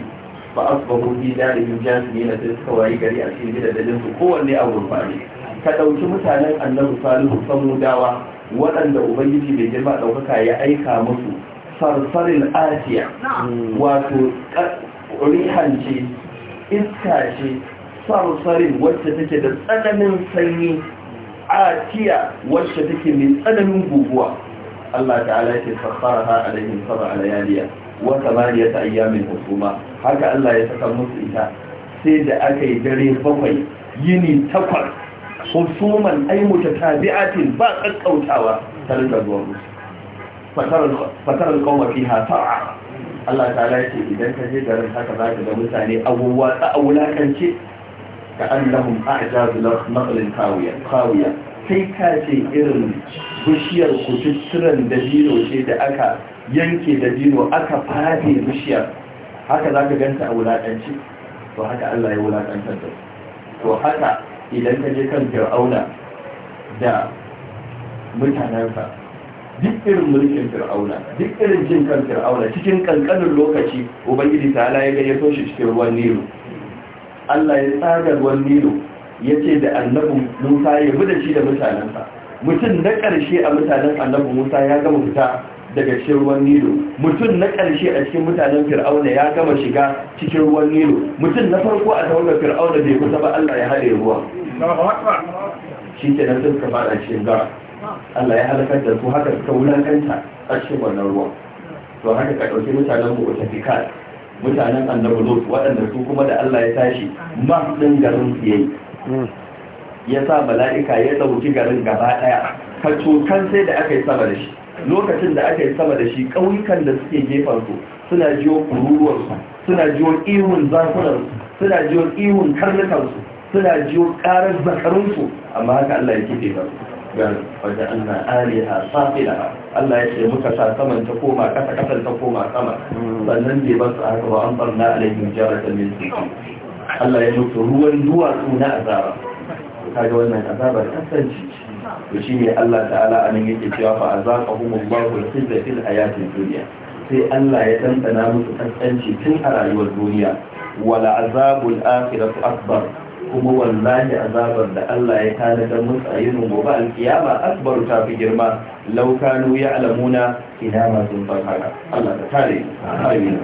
fa asbahu fi darihim na sai suka wayi gari a cikin gidajen su kowanne a gurbani ka ɗauki mutanen annabi salihu samudawa waɗanda ubangiji bai girma ɗaukaka ya aika musu farfarin asiya wato rihan ce iska ce farfarin wacce take da tsananin sanyi atiya wacce take mai tsananin guguwa Allah ta'ala yake farfara ha alaihim sab'a layaliya wa thamaniyata ayyamin husuma haka Allah ya saka musu ita sai da aka yi dare bakwai yini takwas husuman ay mutatabi'atin ba kakkautawa tare da zuwa musu fatarar kawma fi hasa'a Allah ta ce idan ka je garin haka za ka ga mutane abubuwa ta a wulakance ka an lahum a'jazu naqlin kawiya kawiya sai ka ce irin bishiyar kututturan dabino ce da aka yanke dabino aka fafe bishiyar haka za ka ganta a wulakance to haka Allah ya wulakantar da to haka idan ka je kan fir'auna da mutanensa duk irin mulkin fir'auna duk irin jin kan fir'auna cikin kankanin lokaci ubangiji ta ala ya gayyato shi cikin ruwan nilo allah ya tsaga ruwan nilo ya ce da annabi musa ya bi da shi da mutanensa mutum na ƙarshe a mutanen annabi musa ya gama fita daga cikin ruwan nilo mutum na ƙarshe a cikin mutanen fir'auna ya gama shiga cikin ruwan nilo mutum na farko a tawagar fir'auna bai kusa ba allah ya haɗe ruwa shi ke nan sun kama cikin gara Allah ya halakar da su haka suka wulakanta a cikin wannan ruwan to haka ka ɗauki mutanen mu mu'tafikat mutanen annabi waɗanda su kuma da Allah ya tashi ma din garin su yayi hmm. ya sa mala'ika ya ɗauki garin gaba ɗaya kan sai da aka yi sama da shi lokacin da aka yi sama da shi ƙauyukan da suke gefen su suna jiyo kururuwarsu suna jiyo ihun zafunansu suna jiyo ihun karnukansu suna jiyo ƙarar zakarunsu amma haka Allah ya kife ba su wajen annan ariha safilaha Allah ya ce muka sa saman ta koma kasa kasar ta koma sama hmm. sannan bai ba su haka ba an barna jihar ta min siki Allah ya mutu ruwan duwatsu na azaba kaga wannan azabar kasance to shine Allah ta'ala anan yake cewa fa azaqahumullahu al-khizya fil hayatin duniya. sai Allah ya tantana musu kasance tun a rayuwar duniya wala azabul akhirati akbar kuma wallahi azabar da Allah ya tanadar musu a yinin gobe alkiyama akbar ta fi girma laukanu ya alamuna ina masu haka? Allah ta tare amin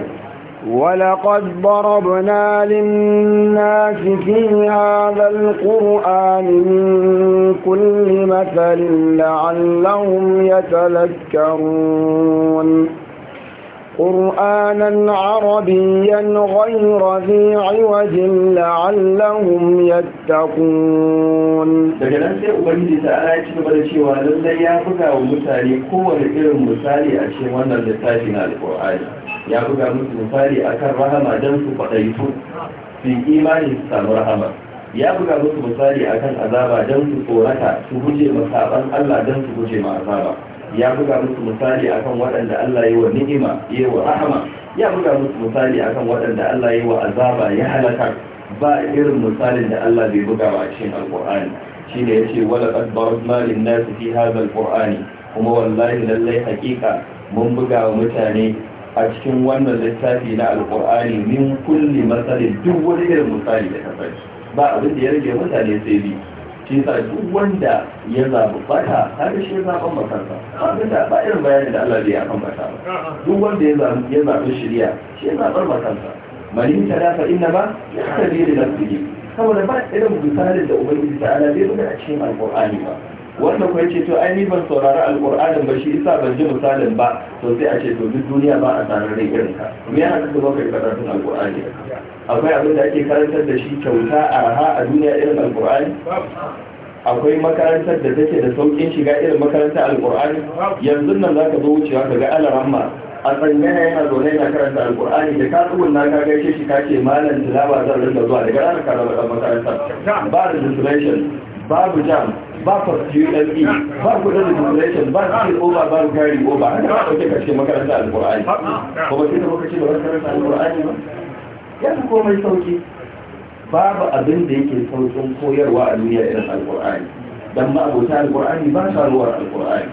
ولقد ضربنا للناس في هذا القرآن من كل مثل لعلهم يتذكرون قرآنا عربيا غير ذي عوج لعلهم يتقون daga nan sai ubangiji ta ala ya ci gaba da cewa lallai ya buga wa mutane kowane irin misali a cikin wannan littafi na alƙur'ani ya buga musu misali a kan rahama don su faɗaitu su imani su samu rahama ya buga musu misali a kan azaba don su tsorata su guje ma saban Allah don su guje ma azaba ya buga musu misali akan waɗanda Allah yi wa ni'ima yi wa rahama ya buga musu misali akan waɗanda Allah yi wa azaba ya halaka ba irin misalin da Allah bai buga ba a cikin alƙur'ani shine yace wala qad barazna lin nas fi hadha alqur'ani kuma wallahi lallai hakika mun buga wa mutane a cikin wannan littafi na alƙur'ani min kulli masalin duk wani irin misali da ka ba abin da ya rage mutane sai biyu shi ya duk wanda ya zaɓi fata har shi ya zaɓan makarsa da ba irin bayanin da Allah zai akan mata ba duk wanda ya zaɓi ya zaɓi shirya shi ya zaɓar makarsa malin ta dafa inna ba ya haɗa da nafsihi saboda ba irin misalin da ubangiji ala zai buga a cikin alƙur'ani ba wanda kuma ce to ai ban saurari alƙur'anin ba shi isa ban ji misalin ba to sai a ce to duk duniya ba a tsarar da irin ka me yana kasa kai karatun alƙur'ani akwai abin da ake karantar da shi kyauta arha a duniya irin alƙur'ani akwai makarantar da take da saukin shiga irin makarantar alƙur'ani yanzu nan zaka zo wucewa ka ga alaramma a tsangana yana zaune yana karanta Alƙur'ani, da ka tsugun na ka gaishe shi ka ce malam tilawa zan rinda zuwa daga ranar ka ɗan makarantar ba registration babu jam ba ULE ba kudin regulation ba kudin over ba gari over haka ba ɗauke ka cikin makaranta alƙur'ani ba ba sai da lokaci da makaranta alƙur'ani ba ya fi komai sauki babu abin da yake saukin koyarwa a duniya irin alƙur'ani dan ba abota alƙur'ani ba sa ruwa alƙur'ani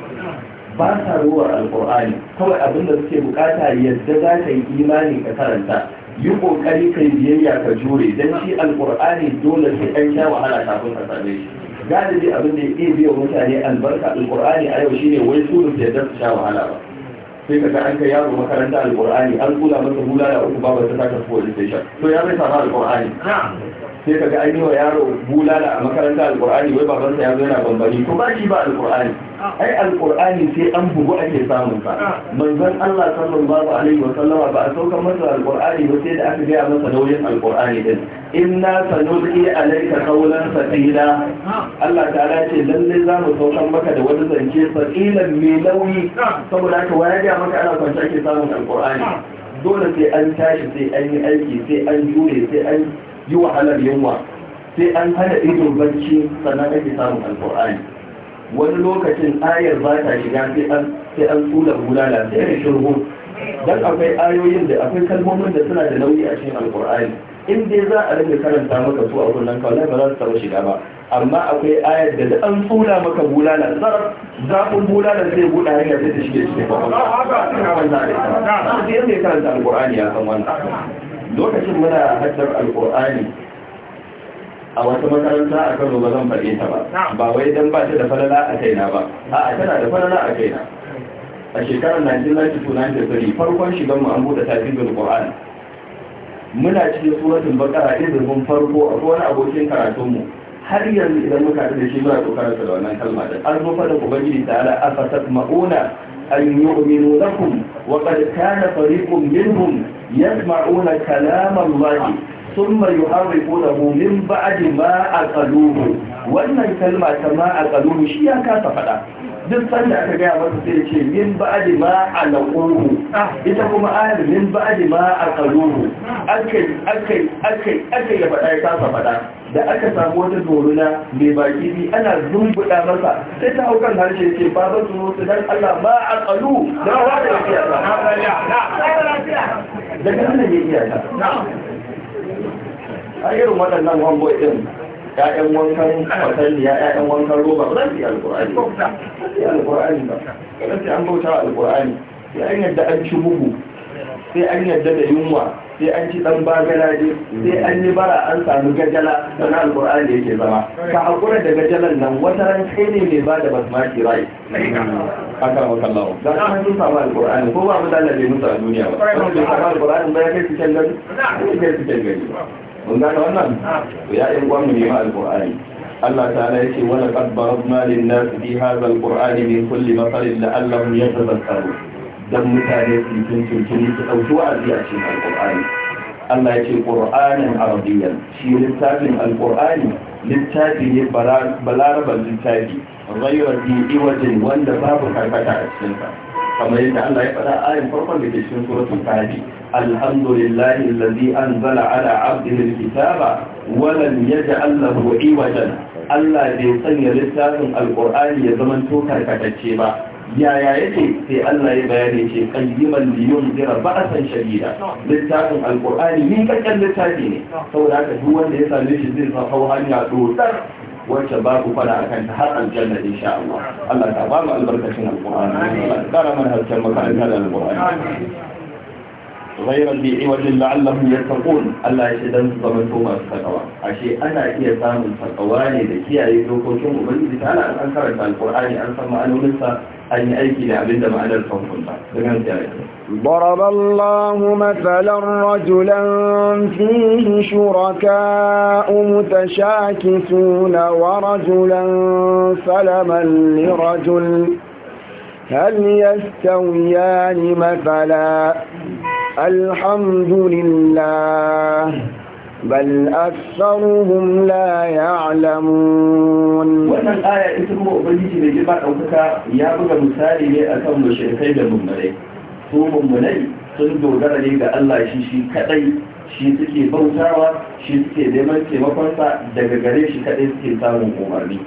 ba sa ruwar alƙur'ani kawai abin da suke bukata yadda za ka yi imani ka karanta yi kokari kai biyayya ka jure dan shi alƙur'ani dole sai an sha wahala kafin ka same shi galibi abin da yake biya mutane albarka alkur'ani a yau shine wai su da yadda su sha wahala ba sai kaga an kai yaro makaranta alkur'ani an kula masa hula da uku babar ta saka su wani to ya bai samu alkur'ani sai ka ga an yi wa yaro bulala a makaranta alkur'ani wai babansa ya zo yana bambari ko ba shi ba alkur'ani ai alkur'ani sai an bugu ake samun sa manzon Allah sallallahu alaihi wa sallama ba a saukar masa alkur'ani ba sai da aka gaya masa nauyin alkur'ani din inna sanulqi alayka qawlan thaqila Allah ta'ala ce lalle za mu saukar maka da wani zance tsakilan mai nauyi saboda haka waya ga maka ana kwance ake samun alkur'ani dole sai an tashi sai an yi aiki sai an jure sai an yi wahalar yunwa sai an hana ido bacci sannan ake samun alkur'ani wani lokacin ayar ba ta shiga sai an sai tsula bulala sai da shirhu don akwai ayoyin da akwai kalmomin da suna da nauyi a cikin alkur'ani in dai za a rinka karanta maka su a wannan kawai ba za su taba shiga ba amma akwai ayar da duk an tsula maka bulala zarar zafin bulala sai buɗa hanya sai ta shige cikin kwakwalwa. Haka haka haka haka haka haka haka haka haka haka haka haka haka haka haka lokacin muna haddar alkur'ani a wata makaranta a kano ba zan faɗe ta ba ba wai don ba ta da falala a kaina ba a tana da falala a kaina a shekarar 1992 farkon shigan mu an buɗe tafiyar qur'an muna cikin suratul baqara izinin farko a wani abokin karatunmu har yanzu idan muka da shi muna kokarin da wannan kalma da an zo fada ubangiji ta ala mauna أن يؤمنوا لكم وقد كان فريق منهم يسمعون كلام الله ثم يعرفونه من بعد ما أقلوه وإن الكلمة ما أقلوه شيئا كافة duk sanda aka gaya masa sai ce min ba'di ma a alaquhu ah, ita kuma ayar min ba'di ma aqaluhu akai akai akai akai ya faɗa ya kasa faɗa da aka samu wata doruna mai baki bi ana zumbuɗa masa sai ta haukan harshe ce ba ba su su dan Allah ma aqalu da wa da lafiya da kan ne ya iya ta a irin waɗannan wambo din Ya'yan wankan fatalliya ya'yan wankan roba ba za su yi alƙur'ani ba sai alƙur'ani ba sai an bauta wa alƙur'ani sai an yadda an ci bugu sai an yadda da yunwa sai an ci ɗan bagalaje sai an yi bara an sami gajala na alƙur'ani yake zama ka haƙura da gajalan nan wata ran kai ne mai ba da basmati rai haka wa kallawa da ka hannun samu alƙur'ani ko ba mutane da bai a duniya ba wanda bai samu alƙur'ani ba ya kai su can gani ya kai su can gani kun gane wannan ya yi kwan mu nema alkur'ani Allah ta'ala yace wa laqad darabna lin-nas fi hadha al-qur'ani min kulli masalin la'allahum yatadhakkarun mutane su tuntuni su dauki wa'azi a cikin alqur'ani Allah yace ƙur'anin arabiyyan shi littafin alkur'ani littafi ne balarabar littafi rayuwar bi iwajin wanda babu karkata a cikinsa. kamar yadda Allah ya faɗa ayin farkon da ke cikin suratul kafi alhamdulillahi allazi anzala ala abdihi alkitaba wa lam yaj'al lahu iwajan Allah bai sanya littafin alqur'ani ya zama to karkatacce ba yaya yake sai Allah ya bayani ce qayyiman li yunzira ba'san shadida littafin alqur'ani ni kakkan littafi ne saboda haka duk wanda ya same shi zai sa hanya dodar wacce babu fara a kanta har aljanna insha Allah Allah ta ba mu albarkacin alqur'ani Allah ta kara mana harkar makaranta da alqur'ani غير ذي عوج لعلهم يتقون الله يشهد ان masu التقوى Ashe ana iya samun takawa ne da kiyaye dokokin ubangiji ta ala an karanta alqur'ani an san ma'anoninsa أن ضرب الله مثلا رجلا فيه شركاء متشاكسون ورجلا سلما لرجل هل يستويان مثلا الحمد لله بل أكثرهم لا يعلمون wannan aya ita kuma ubangiji mai girma ɗaukaka ya buga misali ne akan mushrikai da mummunai su mummunai sun dogara ne ga Allah shi shi kadai shi suke bautawa shi suke neman taimakonsa daga gare shi kaɗai suke samun umarni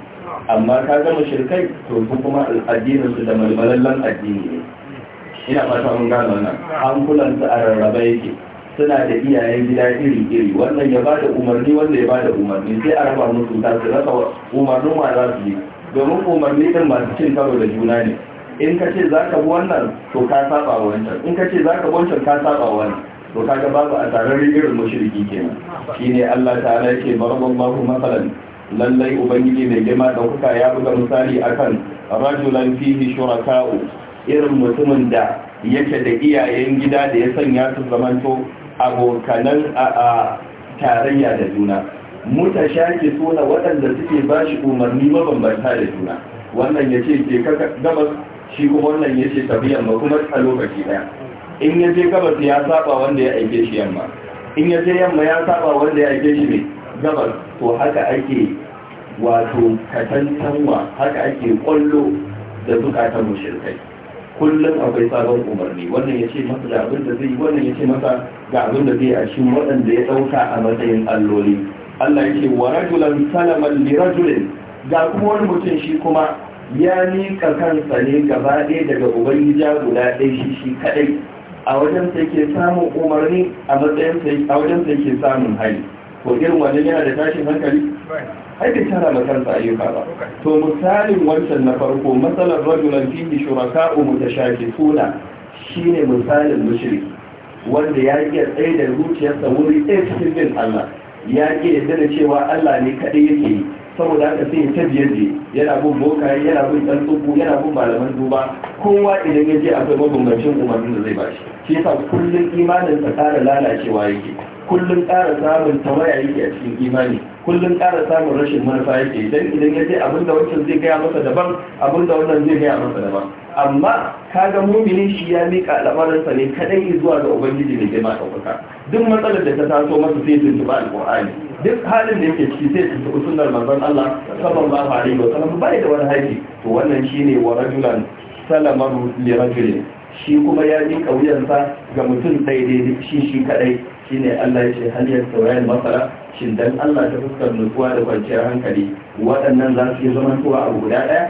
amma ka ga mushrikai to su kuma addinin da malmalallan addini ne ina fata mun gano nan hankulansu a rarraba yake suna da iyayen gida iri-iri wannan ya ba da umarni wanda ya ba da umarni sai a raba musu ta su rasa umarnin ma za su yi domin umarni din masu cin karo da juna ne in ka ce za ka bi wannan to ka saba wancan in ka ce za ka bi wancan ka saba wannan to kaga babu a tarar irin mushriki kenan shine Allah ta'ala yake baraballahu masalan lallai ubangiji mai girma da kuka ya buga misali akan rajulan fihi shuraka'u irin mutumin da yake da iyayen gida da ya sanya su zamanto abokanan a tarayya da juna shaki suna waɗanda suke ba shi umarni mabambanta da juna wannan ya ce ke kaka gabas shi kuma wannan ya ce tafi ba kuma a lokaci ɗaya in ya je gabas ya saba wanda ya aike shi yamma in ya je yamma ya saba wanda ya aike shi ne gabas to haka ake wato katantanwa haka ake kwallo da zukatan mushirkai kullum akwai sabon umarni wannan ya ce masa ga abin da zai wannan ya ce masa ga abin da zai a cikin waɗanda ya ɗauka a matsayin alloli Allah ya ce wa rajulan salaman li rajulin ga kuma wani mutum shi kuma ya miƙa kansa ne gaba ɗaya daga ubangiji guda ɗaya shi shi kaɗai a wajen sai ke samun umarni a matsayin sai a wajen sai ke samun hali ko irin wannan yana da tashin hankali aiki tara tara makansa ayyuka ba to misalin wancan na farko matsalar rajulan fihi shuraka'u shi shine misalin mushriki wanda ya iya tsaye da zuciyarsa wuri ɗaya cikin bin Allah ya iya yadda da cewa Allah ne kaɗai yake yi saboda haka sai ta biyar je yana bin bokaye yana bin ɗan tsubu yana bin malaman duba kowa idan ya je akwai mabambancin umarnin da zai ba shi shi yasa kullum imanin ƙara lalacewa yake kullum ƙara samun tawaya yake a cikin imani kullum ƙara samun rashin manufa yake idan idan ya ce abin da wancan zai gaya masa daban abin da wannan zai gaya masa daban amma ka ga mumini shi ya mika lamarinsa ne kadai zuwa ga ubangiji zai maka ɗaukaka duk matsalar da ta taso masa sai tuntuɓa alƙur'ani duk halin da yake ciki sai tuntuɓi sunnar manzon Allah sallallahu alaihi wa sallam bai da wani haƙi to wannan shine wa rajulan salaman li rajulin shi kuma ya mika wuyansa ga mutum ɗaya shi shi kadai shine Allah ya ce hanyar tawayan masara shin dan Allah ta fuskar nutsuwa da kwanciyar hankali waɗannan za su yi zaman tuwa abu guda ɗaya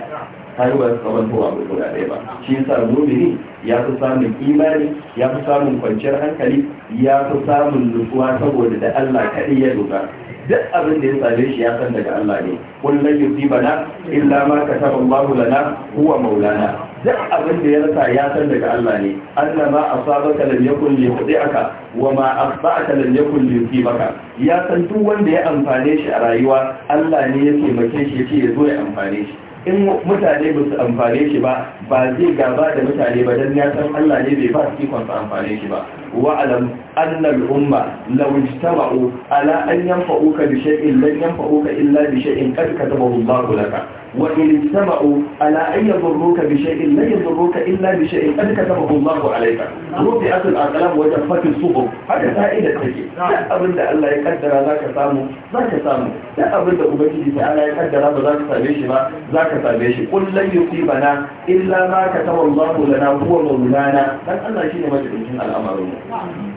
har ba su zaman tuwa abu guda ɗaya ba shi yasa mumini ya fi samun imani ya fi samun kwanciyar hankali ya fi samun nutsuwa saboda da Allah kaɗai ya dogara duk abin da ya same shi ya san daga Allah ne kun lan yusibana illa ma kataba Allah lana huwa maulana duk abin da ya rasa ya san daga Allah ne Allah ma asabaka lam yakun li yudiaka wa ma akhta'aka lam yakun li yusibaka ya san duk wanda ya amfane shi a rayuwa Allah ne yake mace shi yace ya zo ya amfane shi in mutane ba su amfane shi ba ba zai gaba da mutane ba dan ya san Allah ne bai ba su ikon su amfane shi ba wa’alam annal umma lawistama’u ala an yanfa’uka bishe’in lan yanfa’uka illa bishe’in ƙarƙa ta babu ba ku laka وإن سمعوا على أن يضروك بشيء لا يضروك إلا بشيء قد كتبه الله عليك رفعت الأقلام وجفت الصبر هذا فائدة تجي لا أبدا أن لا يقدر ذاك سامو ذاك سامو لا أبدا أبكي تعالى يقدر ذاك سابيش ما ذاك سابيش قل لن يصيبنا إلا ما كتب الله لنا هو مولانا لن أنا شيء ما تبين الأمر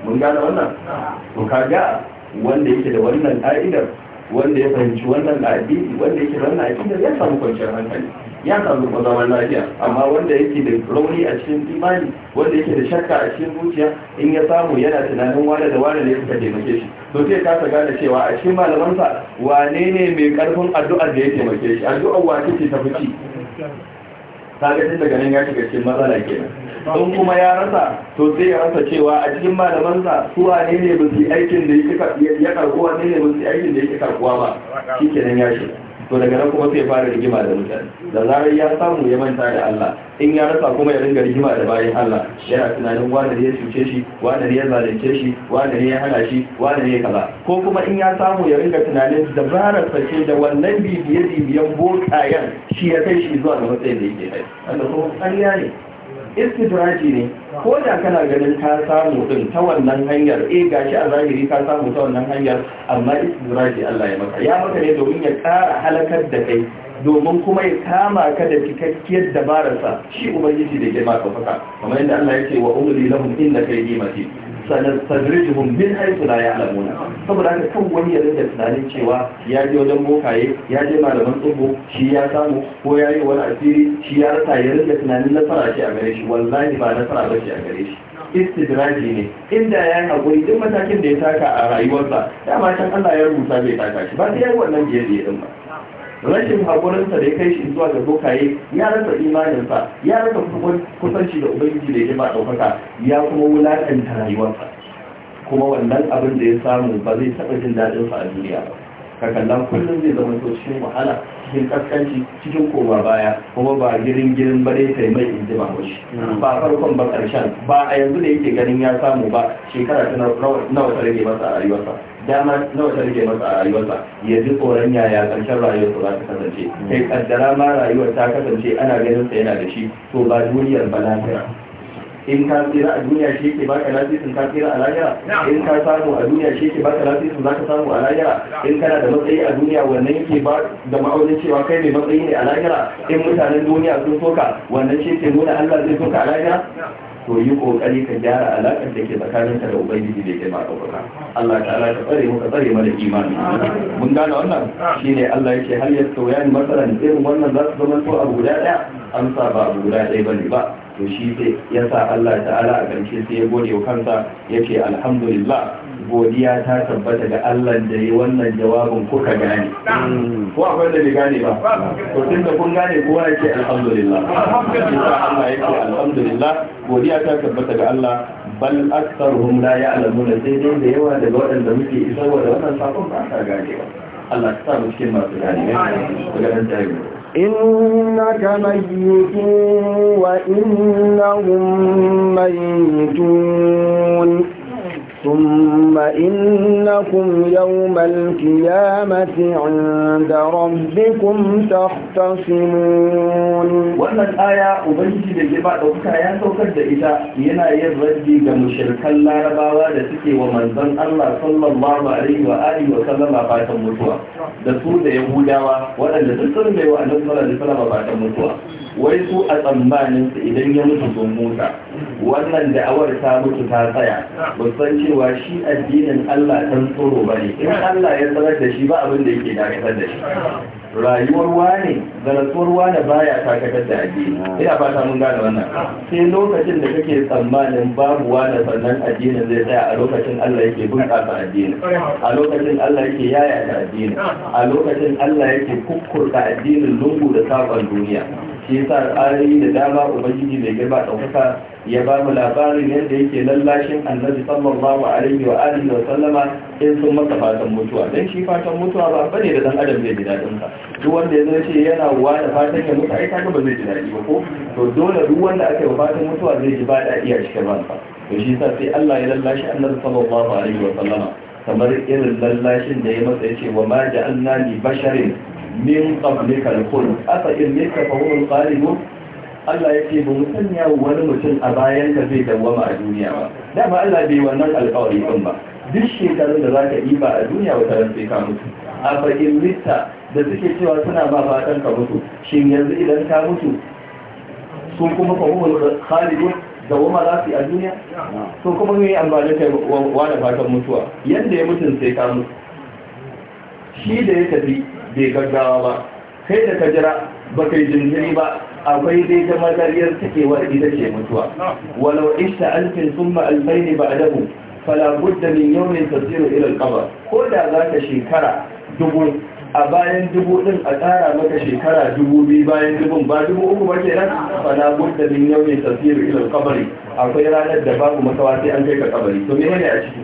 من قال ولا وكذا wanda yake da wannan ka'idar wanda ya fahimci wannan addini wanda yake ran addini ya samu kwanciyar hankali ya samu kuma zaman lafiya amma wanda yake da rauni a cikin imani wanda yake da shakka a cikin zuciya in ya samu yana tunanin wane da wane ne fita taimake shi to sai kasa gane cewa a cikin malamansa wane ne mai karfin addu'ar da ya taimake shi addu'ar wace ce ta fi kaga daga nan ya shiga cikin matsala kenan don kuma ya rasa to sai ya rasa cewa a cikin malamansa su wane ne ba su aikin da ya karkuwa ne ne ba su aikin da ya karkuwa ba shi kenan ya shiga to daga nan kuma sai fara rigima da mutane da zarar ya samu ya manta da Allah in ya rasa kuma ya ringa rigima da bayan Allah yana tunanin wani ne ya cuce shi wani ne ya zalunce shi wani ne ya hana shi wani ne ya kaza ko kuma in ya samu ya ringa tunanin da dabarar sace da wannan bibiye bibiyan bokayen shi ya kai shi zuwa ga matsayin da yake kai wanda kuma ƙarya ne istidraji ne ko da kana ganin ka samu din ta wannan hanyar eh gashi a zahiri ka samu ta wannan hanyar amma istidraji Allah ya maka ya maka ne domin ya kara halakar da kai domin kuma ya kama ka da cikakkiyar dabararsa shi ubangiji da girma faka kamar yadda Allah ya ce wa umri lahum inna kaydi matin sanastadrijuhum min na ya alamuna saboda haka kan wani ya da tunanin cewa ya je wajen bokaye ya je malaman tsubu shi ya samu ko ya yi wani asiri shi ya rasa ya rinda tunanin nasara shi a gare shi wallahi ba nasara ba shi a gare shi istidraji ne inda ya yi haƙuri duk matakin da ya taka a rayuwarsa dama can Allah ya rubuta bai taka shi ba sai ya yi wannan biye-biye din ba rashin haƙurinsa da ya kai shi zuwa ga bokaye ya rasa imaninsa ya rasa kusanci da ubangiji da ya ba ɗaukaka ya kuma wulaƙanta rayuwarsa kuma wannan abin da ya samu ba zai taɓa jin daɗinsa a duniya ba ka kallon kullum zai zama to cikin wahala cikin kaskanci cikin koma baya kuma ba girin girin ba dai sai mai inji ba hoshi mm. ba farkon ba karshen ba a yanzu da yake ganin ya samu ba shekara ta nawa ta rage masa a rayuwarsa dama nawa ta rage masa rayuwarsa ya ji tsoron yaya karshen rayuwarsa za ta kasance kai kaddara ma rayuwar ta kasance ana ganin sa yana da shi to ba duniyar ba lafiya in ka tsira a duniya shi ke baka lasisin ka tsira a lahira in ka samu a duniya shi ke baka lasisin za ka samu a lahira in kana da matsayi a duniya wannan ke ba da ma'aunin cewa kai mai matsayi ne a lahira in mutanen duniya sun soka wannan shi ke nuna Allah zai soka a lahira to yi kokari ka gyara alakar da ke tsakaninka da ubangiji da ke maka kuka Allah ta ala ka tsare muka tsare mana imani mun gane wannan shine Allah yake har ya tsoya ni masalan irin wannan za su zama to abu guda daya amsa ba abu guda daya bane ba to shi zai ya sa Allah ta'ala a ƙarshe sai ya gode wa kansa ya ce alhamdulillah godiya ta tabbata ga Allah da yi wannan jawabin kuka gane ko akwai da bai gane ba ko tun da kun gane kowa ya ce alhamdulillah Allah ya ce alhamdulillah godiya ta tabbata ga Allah bal aktsaruhum la ya'lamuna sai dai da yawa daga waɗanda muke isarwa da wannan sakon ba sa gane ba Allah ta sa mu cikin masu gane ne daga nan tayi إنك ميت وإنهم ميتون ثم إنكم يوم القيامة عند ربكم تختصمون wannan aya ubangiji da girma ɗauka ya saukar da ita yana yin raddi ga mushrikan larabawa da suke wa manzon Allah sallallahu alaihi wa alihi wa sallama fatan mutuwa da su da yahudawa waɗanda sun mai wa mutuwa wai su a tsammanin su idan ya mutu sun mota wannan da'awar ta mutu ta tsaya ba san cewa shi addinin Allah ta tsoro ba ne in Allah ya tsarar da shi ba abin da yake dakatar da shi rayuwar wane da rasuwar wane baya takatar da addini ina fata mun gane wannan sai lokacin da kake tsammanin babu wane sannan addinin zai tsaya a lokacin Allah yake bunƙasa addini a lokacin Allah yake yaya addini a lokacin Allah yake kukkurta addinin lungu da sakon duniya shi yasa ayoyi da dama ubangiji mai girma ɗaukaka ya ba mu labarin yadda yake lallashin annabi sallallahu alaihi wa alihi wa sallama in sun masa fatan mutuwa dan shi fatan mutuwa ba bane da dan adam zai ji dadin sa duk wanda yazo ce yana wa da fatan ya mutu ai kaga ba zai ji dadi ba ko to dole duk wanda aka yi fatan mutuwa zai ji ba daɗi a cikin ransa to shi yasa sai Allah ya lallashi annabi sallallahu alaihi wa sallama kamar irin lallashin da ya masa yace wa ma ja'alna li basharin min qablika al-khuld afa innaka fa huwa al-ghalibun Allah ya ce ba mu sanya wani mutum a bayan ka zai dawwama a duniya ba dama Allah bai wannan alƙawari din ba duk shekarun da zaka yi ba a duniya wata ran sai ka mutu a bakin lista da suke cewa suna ba fatan ka mutu shin yanzu idan ka mutu sun kuma fa huwa khalidun dawwama za su yi a duniya to kuma me amfani kai wa da fatan mutuwa yanda ya mutum sai ka mutu shi da ya tafi bai gaggawa ba kai da ka jira ba kai jinjiri ba akwai dai ta matariyar cikewar ita ce mutuwa walau ishta alfin summa alfaini ba'dahu fala budda min yawmin tasiru ila al-qabr ko da za ka shekara dubu a bayan dubu din a tsara maka shekara dubu biyu bayan dubu ba dubu uku ba kenan fala budda min yawmin tasiru ila al-qabr akwai ranar da babu makawa sai an kai ka kabari to me ne a ciki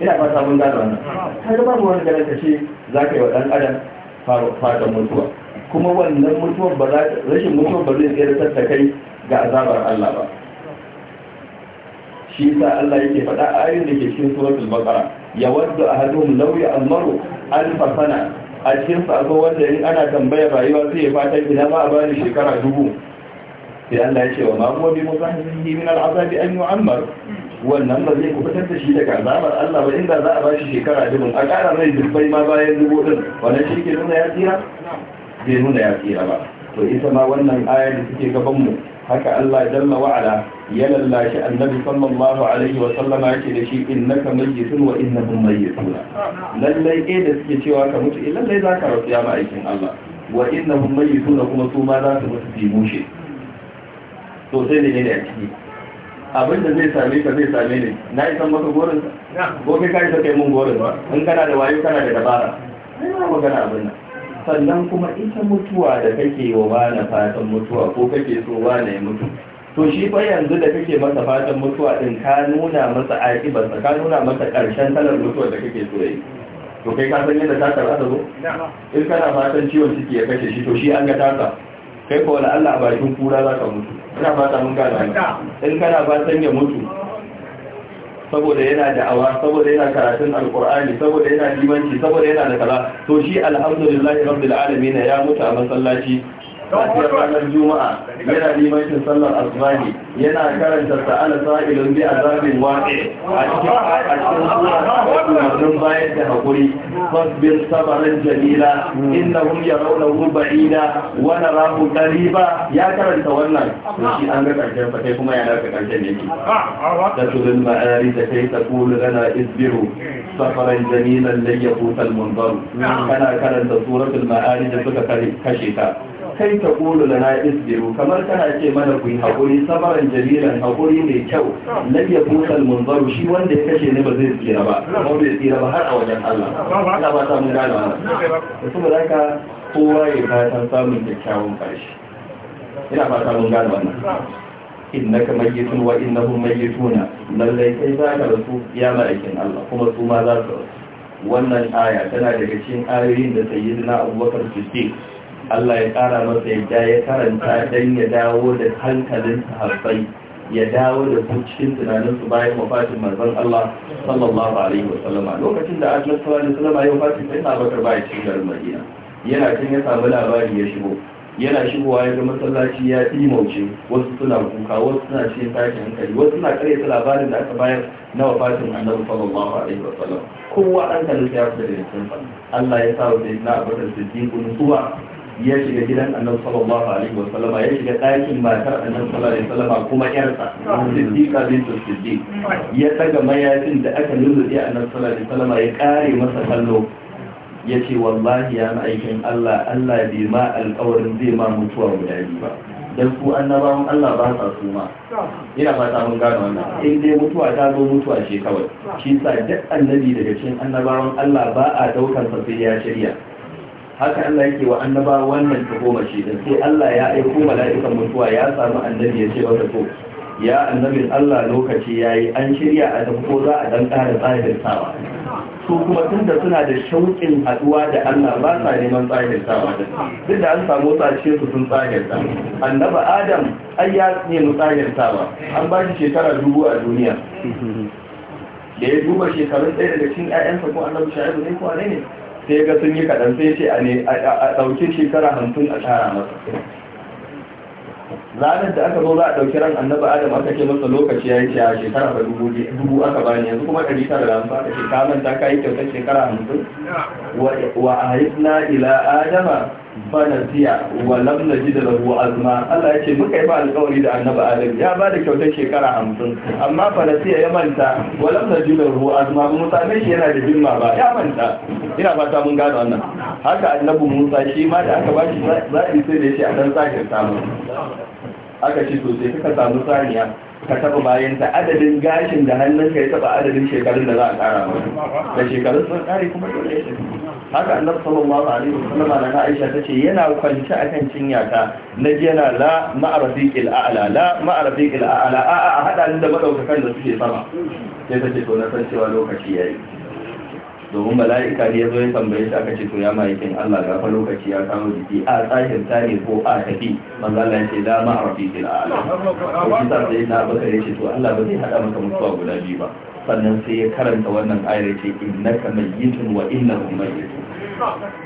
ina ba sabon gano wannan har babu wani da ka ce za ka yi wa dan adam fatan mutuwa kuma wannan mutuwar ba za rashin mutuwar ba zai tsere ta kai ga azabar Allah ba shi sa Allah yake faɗa ayoyin da ke cikin suratul baqara yawaddu ahadum law ya'maru alf sana a cikin sa wanda in ana tambaya rayuwa sai ya fatan ina ma a bani shekara dubu sai Allah ya ce wa ma huwa bi muzahihi min al'azabi an yu'ammar wannan ba zai kubutar da shi daga azabar Allah ba inda za a ba shi shekara dubin a ƙara mai dubbai ma bayan dubu ɗin wannan shi ke nuna ya tsira bai nuna ya tsira ba to ita ma wannan ayar da suke gabanmu haka Allah jalla wa'ala ya lallashi annabi sallallahu alaihi wa sallama yake da shi innaka mayyitun wa innahum mayyitun lallai eh da suke cewa ka mutu eh lallai za ka rasu ya aikin Allah wa innahum mayyitun kuma su ma za su mutu su mushe to sai ne ne a ciki abin da zai same ka zai same ni na yi san maka gorin ko kai ka yi sa kai mun gorin in kana da wayo kana da dabara ai ba magana abin nan sannan kuma ita mutuwa da kake wa bana fatan mutuwa ko kake so bana ya mutu to shi fa yanzu da kake masa fatan mutuwa din ka nuna masa sa, ka nuna masa ƙarshen talar mutuwa da kake so yi to kai ka san yadda ta karɓa da zo in kana fatan ciwon ciki ya kashe shi to shi an ga tasa kai ko wani Allah a bakin kura za ka mutu ina fata mun gane in kana ba san ya mutu saboda yana da'awa saboda yana karatun alkur'ani saboda yana limanci saboda yana da kaza to shi alhamdulillahi rabbil alamin ya mutu a masallaci safiyar ranar juma'a yana limancin sallar azmani yana karanta sa'ala sa'ilun bi azabin waƙe a cikin a ta sura umarnin bayar da haƙuri fasbir sabaran jamila innahum yarawnahu wani wa ɗari ba. ya karanta wannan shi an ga karshen fa kai kuma ya daga karshen yake da tudul ma'ari da kai ta kulu lana isbiru safaran jamilan lan yafuta al-munzar kana karanta suratul ma'ari da suka kashe ka. kai ta kulu da na isbiru kamar kana ce mana ku hakuri sabaran jamilan hakuri mai kyau lam ya busal munzaru shi wanda ya kashe ne ba zai tsira ba ba zai tsira ba har a wajen Allah Allah ba ta mun gane su. saboda haka kowa ya fatan samun kyakkyawan karshe ina ta mun gane wannan innaka mayyitun wa innahum mayyituna lallai kai za ka rasu ya malakin Allah kuma su ma za su rasu wannan aya tana daga cikin ayoyin da sayyidina Abubakar Siddiq Allah ya ƙara masa ya ja, ya karanta don ya dawo da hankalin sahabbai ya dawo da su cikin tunaninsu bayan mafatin manzon Allah sallallahu alaihi wasallama lokacin da Annabi sallallahu alaihi wasallama ya wafatin sai na bakar ba ya cikin garin Madina yana can ya samu labari ya shigo yana shigowa ya ga masallaci ya mauce, wasu suna kuka wasu suna cikin tashin hankali wasu suna karyata labarin da aka bayar na wafatin annabi sallallahu alaihi wa sallam kowa an kalli ya fita da cikin Allah ya sa wa sayyidina Abubakar Siddiq zuwa. ya shiga gidan annabi sallallahu alaihi wasallam ya shiga ɗakin matar annabi sallallahu alaihi wasallam kuma yarsa siddiqa bintu siddiq ya daga mayafin da aka nuna da annabi sallallahu alaihi wasallam ya kare masa kallo ya ce wallahi ya na aikin Allah Allah bai ma alƙawarin zai ma mutuwa guda biyu ba dan su annabawan Allah ba sa su ma ina fata mun gano wannan in dai mutuwa ta zo mutuwa ce kawai shi sa duk annabi daga cikin annabawan Allah ba a daukar sa sai ya shirya haka Allah yake wa annaba wannan tuhuma shi da sai Allah ya aiko mala'ikan mutuwa ya samu annabi ya ce wata to ya annabin Allah lokaci yayi an shirya a tafi ko za a dan ƙara tsayin sawa su kuma tunda suna da shauƙin haɗuwa da Allah ba sa neman tsayin sawa duk da an samu tsace su sun tsayin sa annaba Adam ai ya nemi tsayin sawa an ba shi shekara dubu a duniya da ya duba shekarun ɗaya daga cikin 'ya'yansa ko annabi shaibu ne ko ne sai ga sun yi kaɗan sai ce a ɗauki shekara hamsin a tara masa ranar da aka zo za a ɗauki ran annabi adam aka ce masa lokaci ya yi a shekara da dubu aka bani yanzu kuma ɗari tara da hamsin aka ce ka manta ka yi kyautar shekara hamsin wa a haifna ila adama fanasiya wa lam najid lahu azma Allah yace muka yi ba alƙawari da annabi Adam ya ba da kyautar shekara 50 amma fanasiya ya manta wa lam najid lahu azma mu same shi yana da himma ba ya manta ina fata mun gano wannan haka annabi Musa shi ma da aka ba shi sai da shi a dan sakin samu aka ci to sai kaka samu saniya ka taba bayan ta adadin gashin da hannunka ya taba adadin shekarun da za a kara ba da shekarun sun kare kuma dole ya tafi haka annabi sallallahu alaihi wasallam na Aisha tace yana kwance kan cinya ta na yana la ma'rafiqil a'la la ma'rafiqil a'la a a hada da madaukakan da suke sama sai tace to na san cewa lokaci yayi domin mala'ika ne ya zo ya tambaye shi aka ce to ya mahaifin Allah ga fa lokaci ya kawo jiki a tsakin tare ko a tafi manzo Allah ya ce da ma arfi fil a'la ko shi sa sai na baka ya ce to Allah ba zai hada maka mutuwa guda biyu ba sannan sai ya karanta wannan ayar ya ce innaka mayyitun wa innahum mayyitun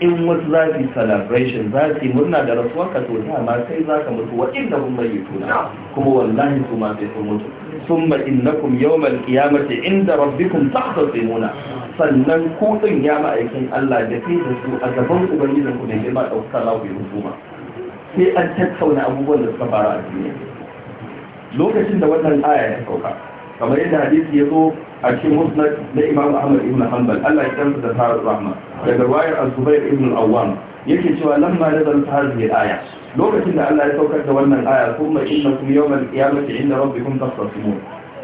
in wasu za su celebration za su murna da rasuwar ka to dama sai za ka mutu wa innahum mayyitun kuma wallahi su ma sai sun mutu summa innakum yawmal qiyamati inda rabbikum tahtasimuna sannan kudin ya ma'aikin Allah da ke da su a gaban ubangijin ku da ya ba ɗaukar lawo ya hukuma sai an tattauna abubuwan da suka fara a duniya lokacin da wannan aya ta sauka kamar yadda hadisi ya zo a cikin musnad na imam ahmad ibn hanbal Allah ya tsanta da tarar rahma daga wayar az-zubair ibn al-awwam yake cewa lamma nazal hadhihi al-aya lokacin da Allah ya saukar da wannan aya kuma innakum yawmal qiyamati inda rabbikum tafsasun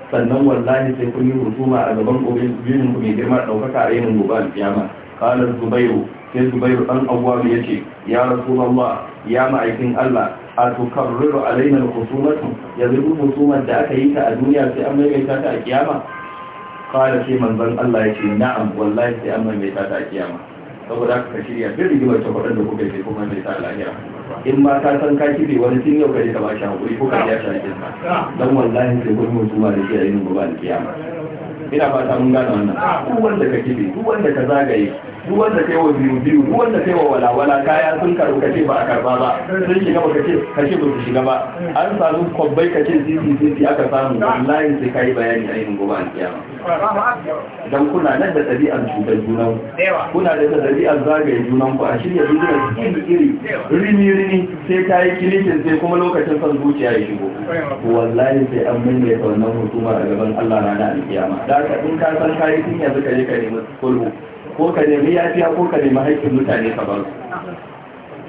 sannan wallahi sai kun yi husuma a gaban ubangijin ku mai girma daukaka a yanin gobe alkiyama qala zubairu sai zubairu dan awwam ce, ya rasulullah ya ma'aikin Allah a tukarriru alaina al-husumatu yanzu husumar da aka yi ta a duniya sai an maimaita ta a kiyama qala sai manzon Allah yace na'am wallahi sai an maimaita ta a kiyama saboda haka ka shirya duk rigimar ta waɗanda kuka yi kuma mai sa lahira in ba ka san ka kire wani sun yau ka je ka ba shi hakuri ko ka biya shi hakkin sa don wallahi sai kun mutu ma da shi a nuna ba da kiyama ina fata mun gane wannan duk wanda ka kifi duk wanda ka zagaye duk ta kai wa biyu biyu duk ta kai wa walawala kaya sun karu kace ba a karba ba sun shiga ba kace kace ba su shiga ba an samu kwabbai ce sisi sisi aka samu wallahi sai kai bayani yin gobe an kiyama dan kuna nan da ɗabi'ar cutar junan kuna da ɗabi'ar zagaye junan ku a shirya bidiyon iri iri rini rini sai ta yi kilishin, sai kuma lokacin son zuciya ya shigo wallahi sai an maimaita wannan hukuma a gaban Allah na alkiyama da ka in ka san kayi tun yanzu ka je ka nemi kulhu ko ka nemi yafiya ko ka nemi haƙƙin mutane ka bar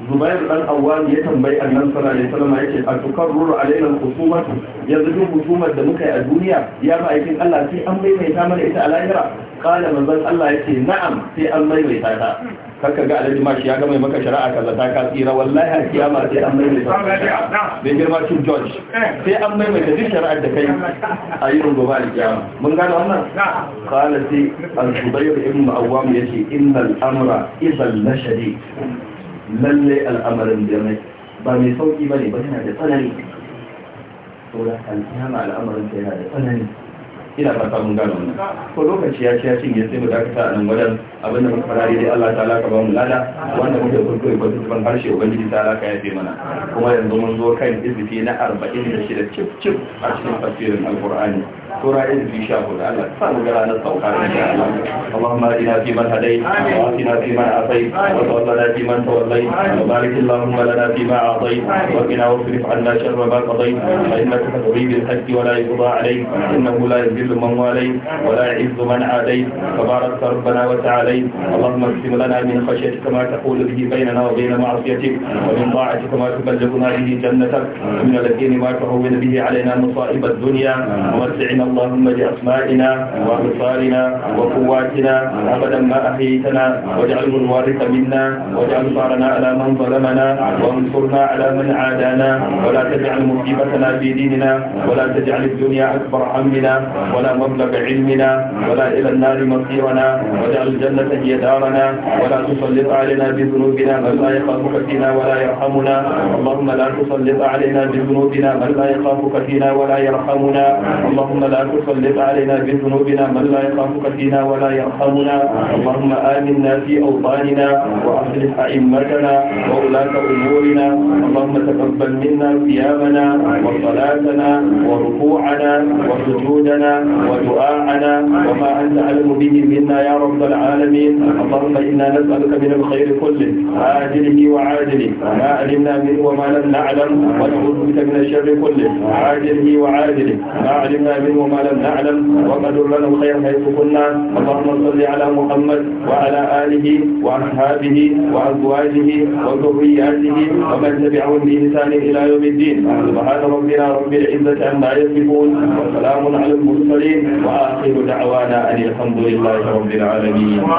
Zubair dan Awwam ya tambayi annan sallallahu alaihi wasallam yake a tukarruru alaina al yanzu duk hukumar da muka yi a duniya ya ba aikin Allah sai an maimaita mana ita a lahira qala manzon Allah yake na'am sai an maimaita ta kakka ga alhaji mashi ya gama maka shari'a kaza ta ka tsira wallahi har kiyama sai an maimaita bai girma cin george eh. sai an maimaita duk shari'ar da kai a yi rungo ba alkiyama mun gano wannan kala sai al-zubayr ibn ma'awam yace innal amra idan la shadid lalle al'amarin jami'i ba mai Ba bane ba yana da tsanani saboda alkiyama al'amarin ta yana da tsanani ina fata mun gano wannan ko lokaci ya ci ya cinye sai mu dakata a nan wajen abin da muka fara dai Allah ta laka ba mu lada wanda muke kurko ko tsiban harshe ubangiji ta laka ya fi mana kuma yanzu mun zo kan izbiti na 46 cif cif a cikin tafsirin alqur'ani sura izbiti 14 Allah ta mu gara na sauka insha Allah Allahumma ina fi man hadai wa ina fi man afai wa tawalla fi man tawallai wa barik Allahumma lana fi ma atai wa qina wa sirif anna sharra ma qadai fa innaka tuqibil hajji wa la yudha alayk innahu la yudhil يذل من واليت ولا يعز من عاديت تبارك ربنا وتعاليت اللهم اقسم لنا من خشيتك ما تقول به بيننا وبين معصيتك ومن طاعتك ما تبلغنا به جنتك ومن الذين ما تهون به علينا مصائب الدنيا ومتعنا اللهم بأسمائنا وأبصارنا وقواتنا أبدا ما أحييتنا واجعله الوارث منا واجعل ثارنا على من ظلمنا وانصرنا على من عادانا ولا تجعل مصيبتنا في ديننا ولا تجعل الدنيا أكبر همنا ولا مبلغ علمنا ولا إلى النار مصيرنا واجعل الجنة هي دارنا ولا تسلط علينا بذنوبنا من لا يخافك فينا ولا يرحمنا اللهم لا تسلط علينا بذنوبنا من لا يخافك فينا ولا يرحمنا اللهم لا تسلط علينا بذنوبنا من لا يخافك فينا ولا يرحمنا اللهم آمنا في أوطاننا وأصلح أئمتنا وولاة أمورنا اللهم تقبل منا صيامنا وصلاتنا وركوعنا وسجودنا ودعاءنا وما أنت أعلم به منا يا رب العالمين اللهم إنا نسألك من الخير كله عاجله وعاجله ما علمنا منه وما لم نعلم ونعوذ بك من الشر كله عاجله وعاجله ما علمنا منه وما لم نعلم وقدر لنا الخير حيث كنا اللهم صل على محمد وعلى آله وأصحابه وأزواجه وذرياته ومن تبعهم بإنسان إلى يوم الدين سبحان ربنا رب العزة عما يصفون وسلام على المرسلين المرسلين وآخر دعوانا أن الحمد لله رب العالمين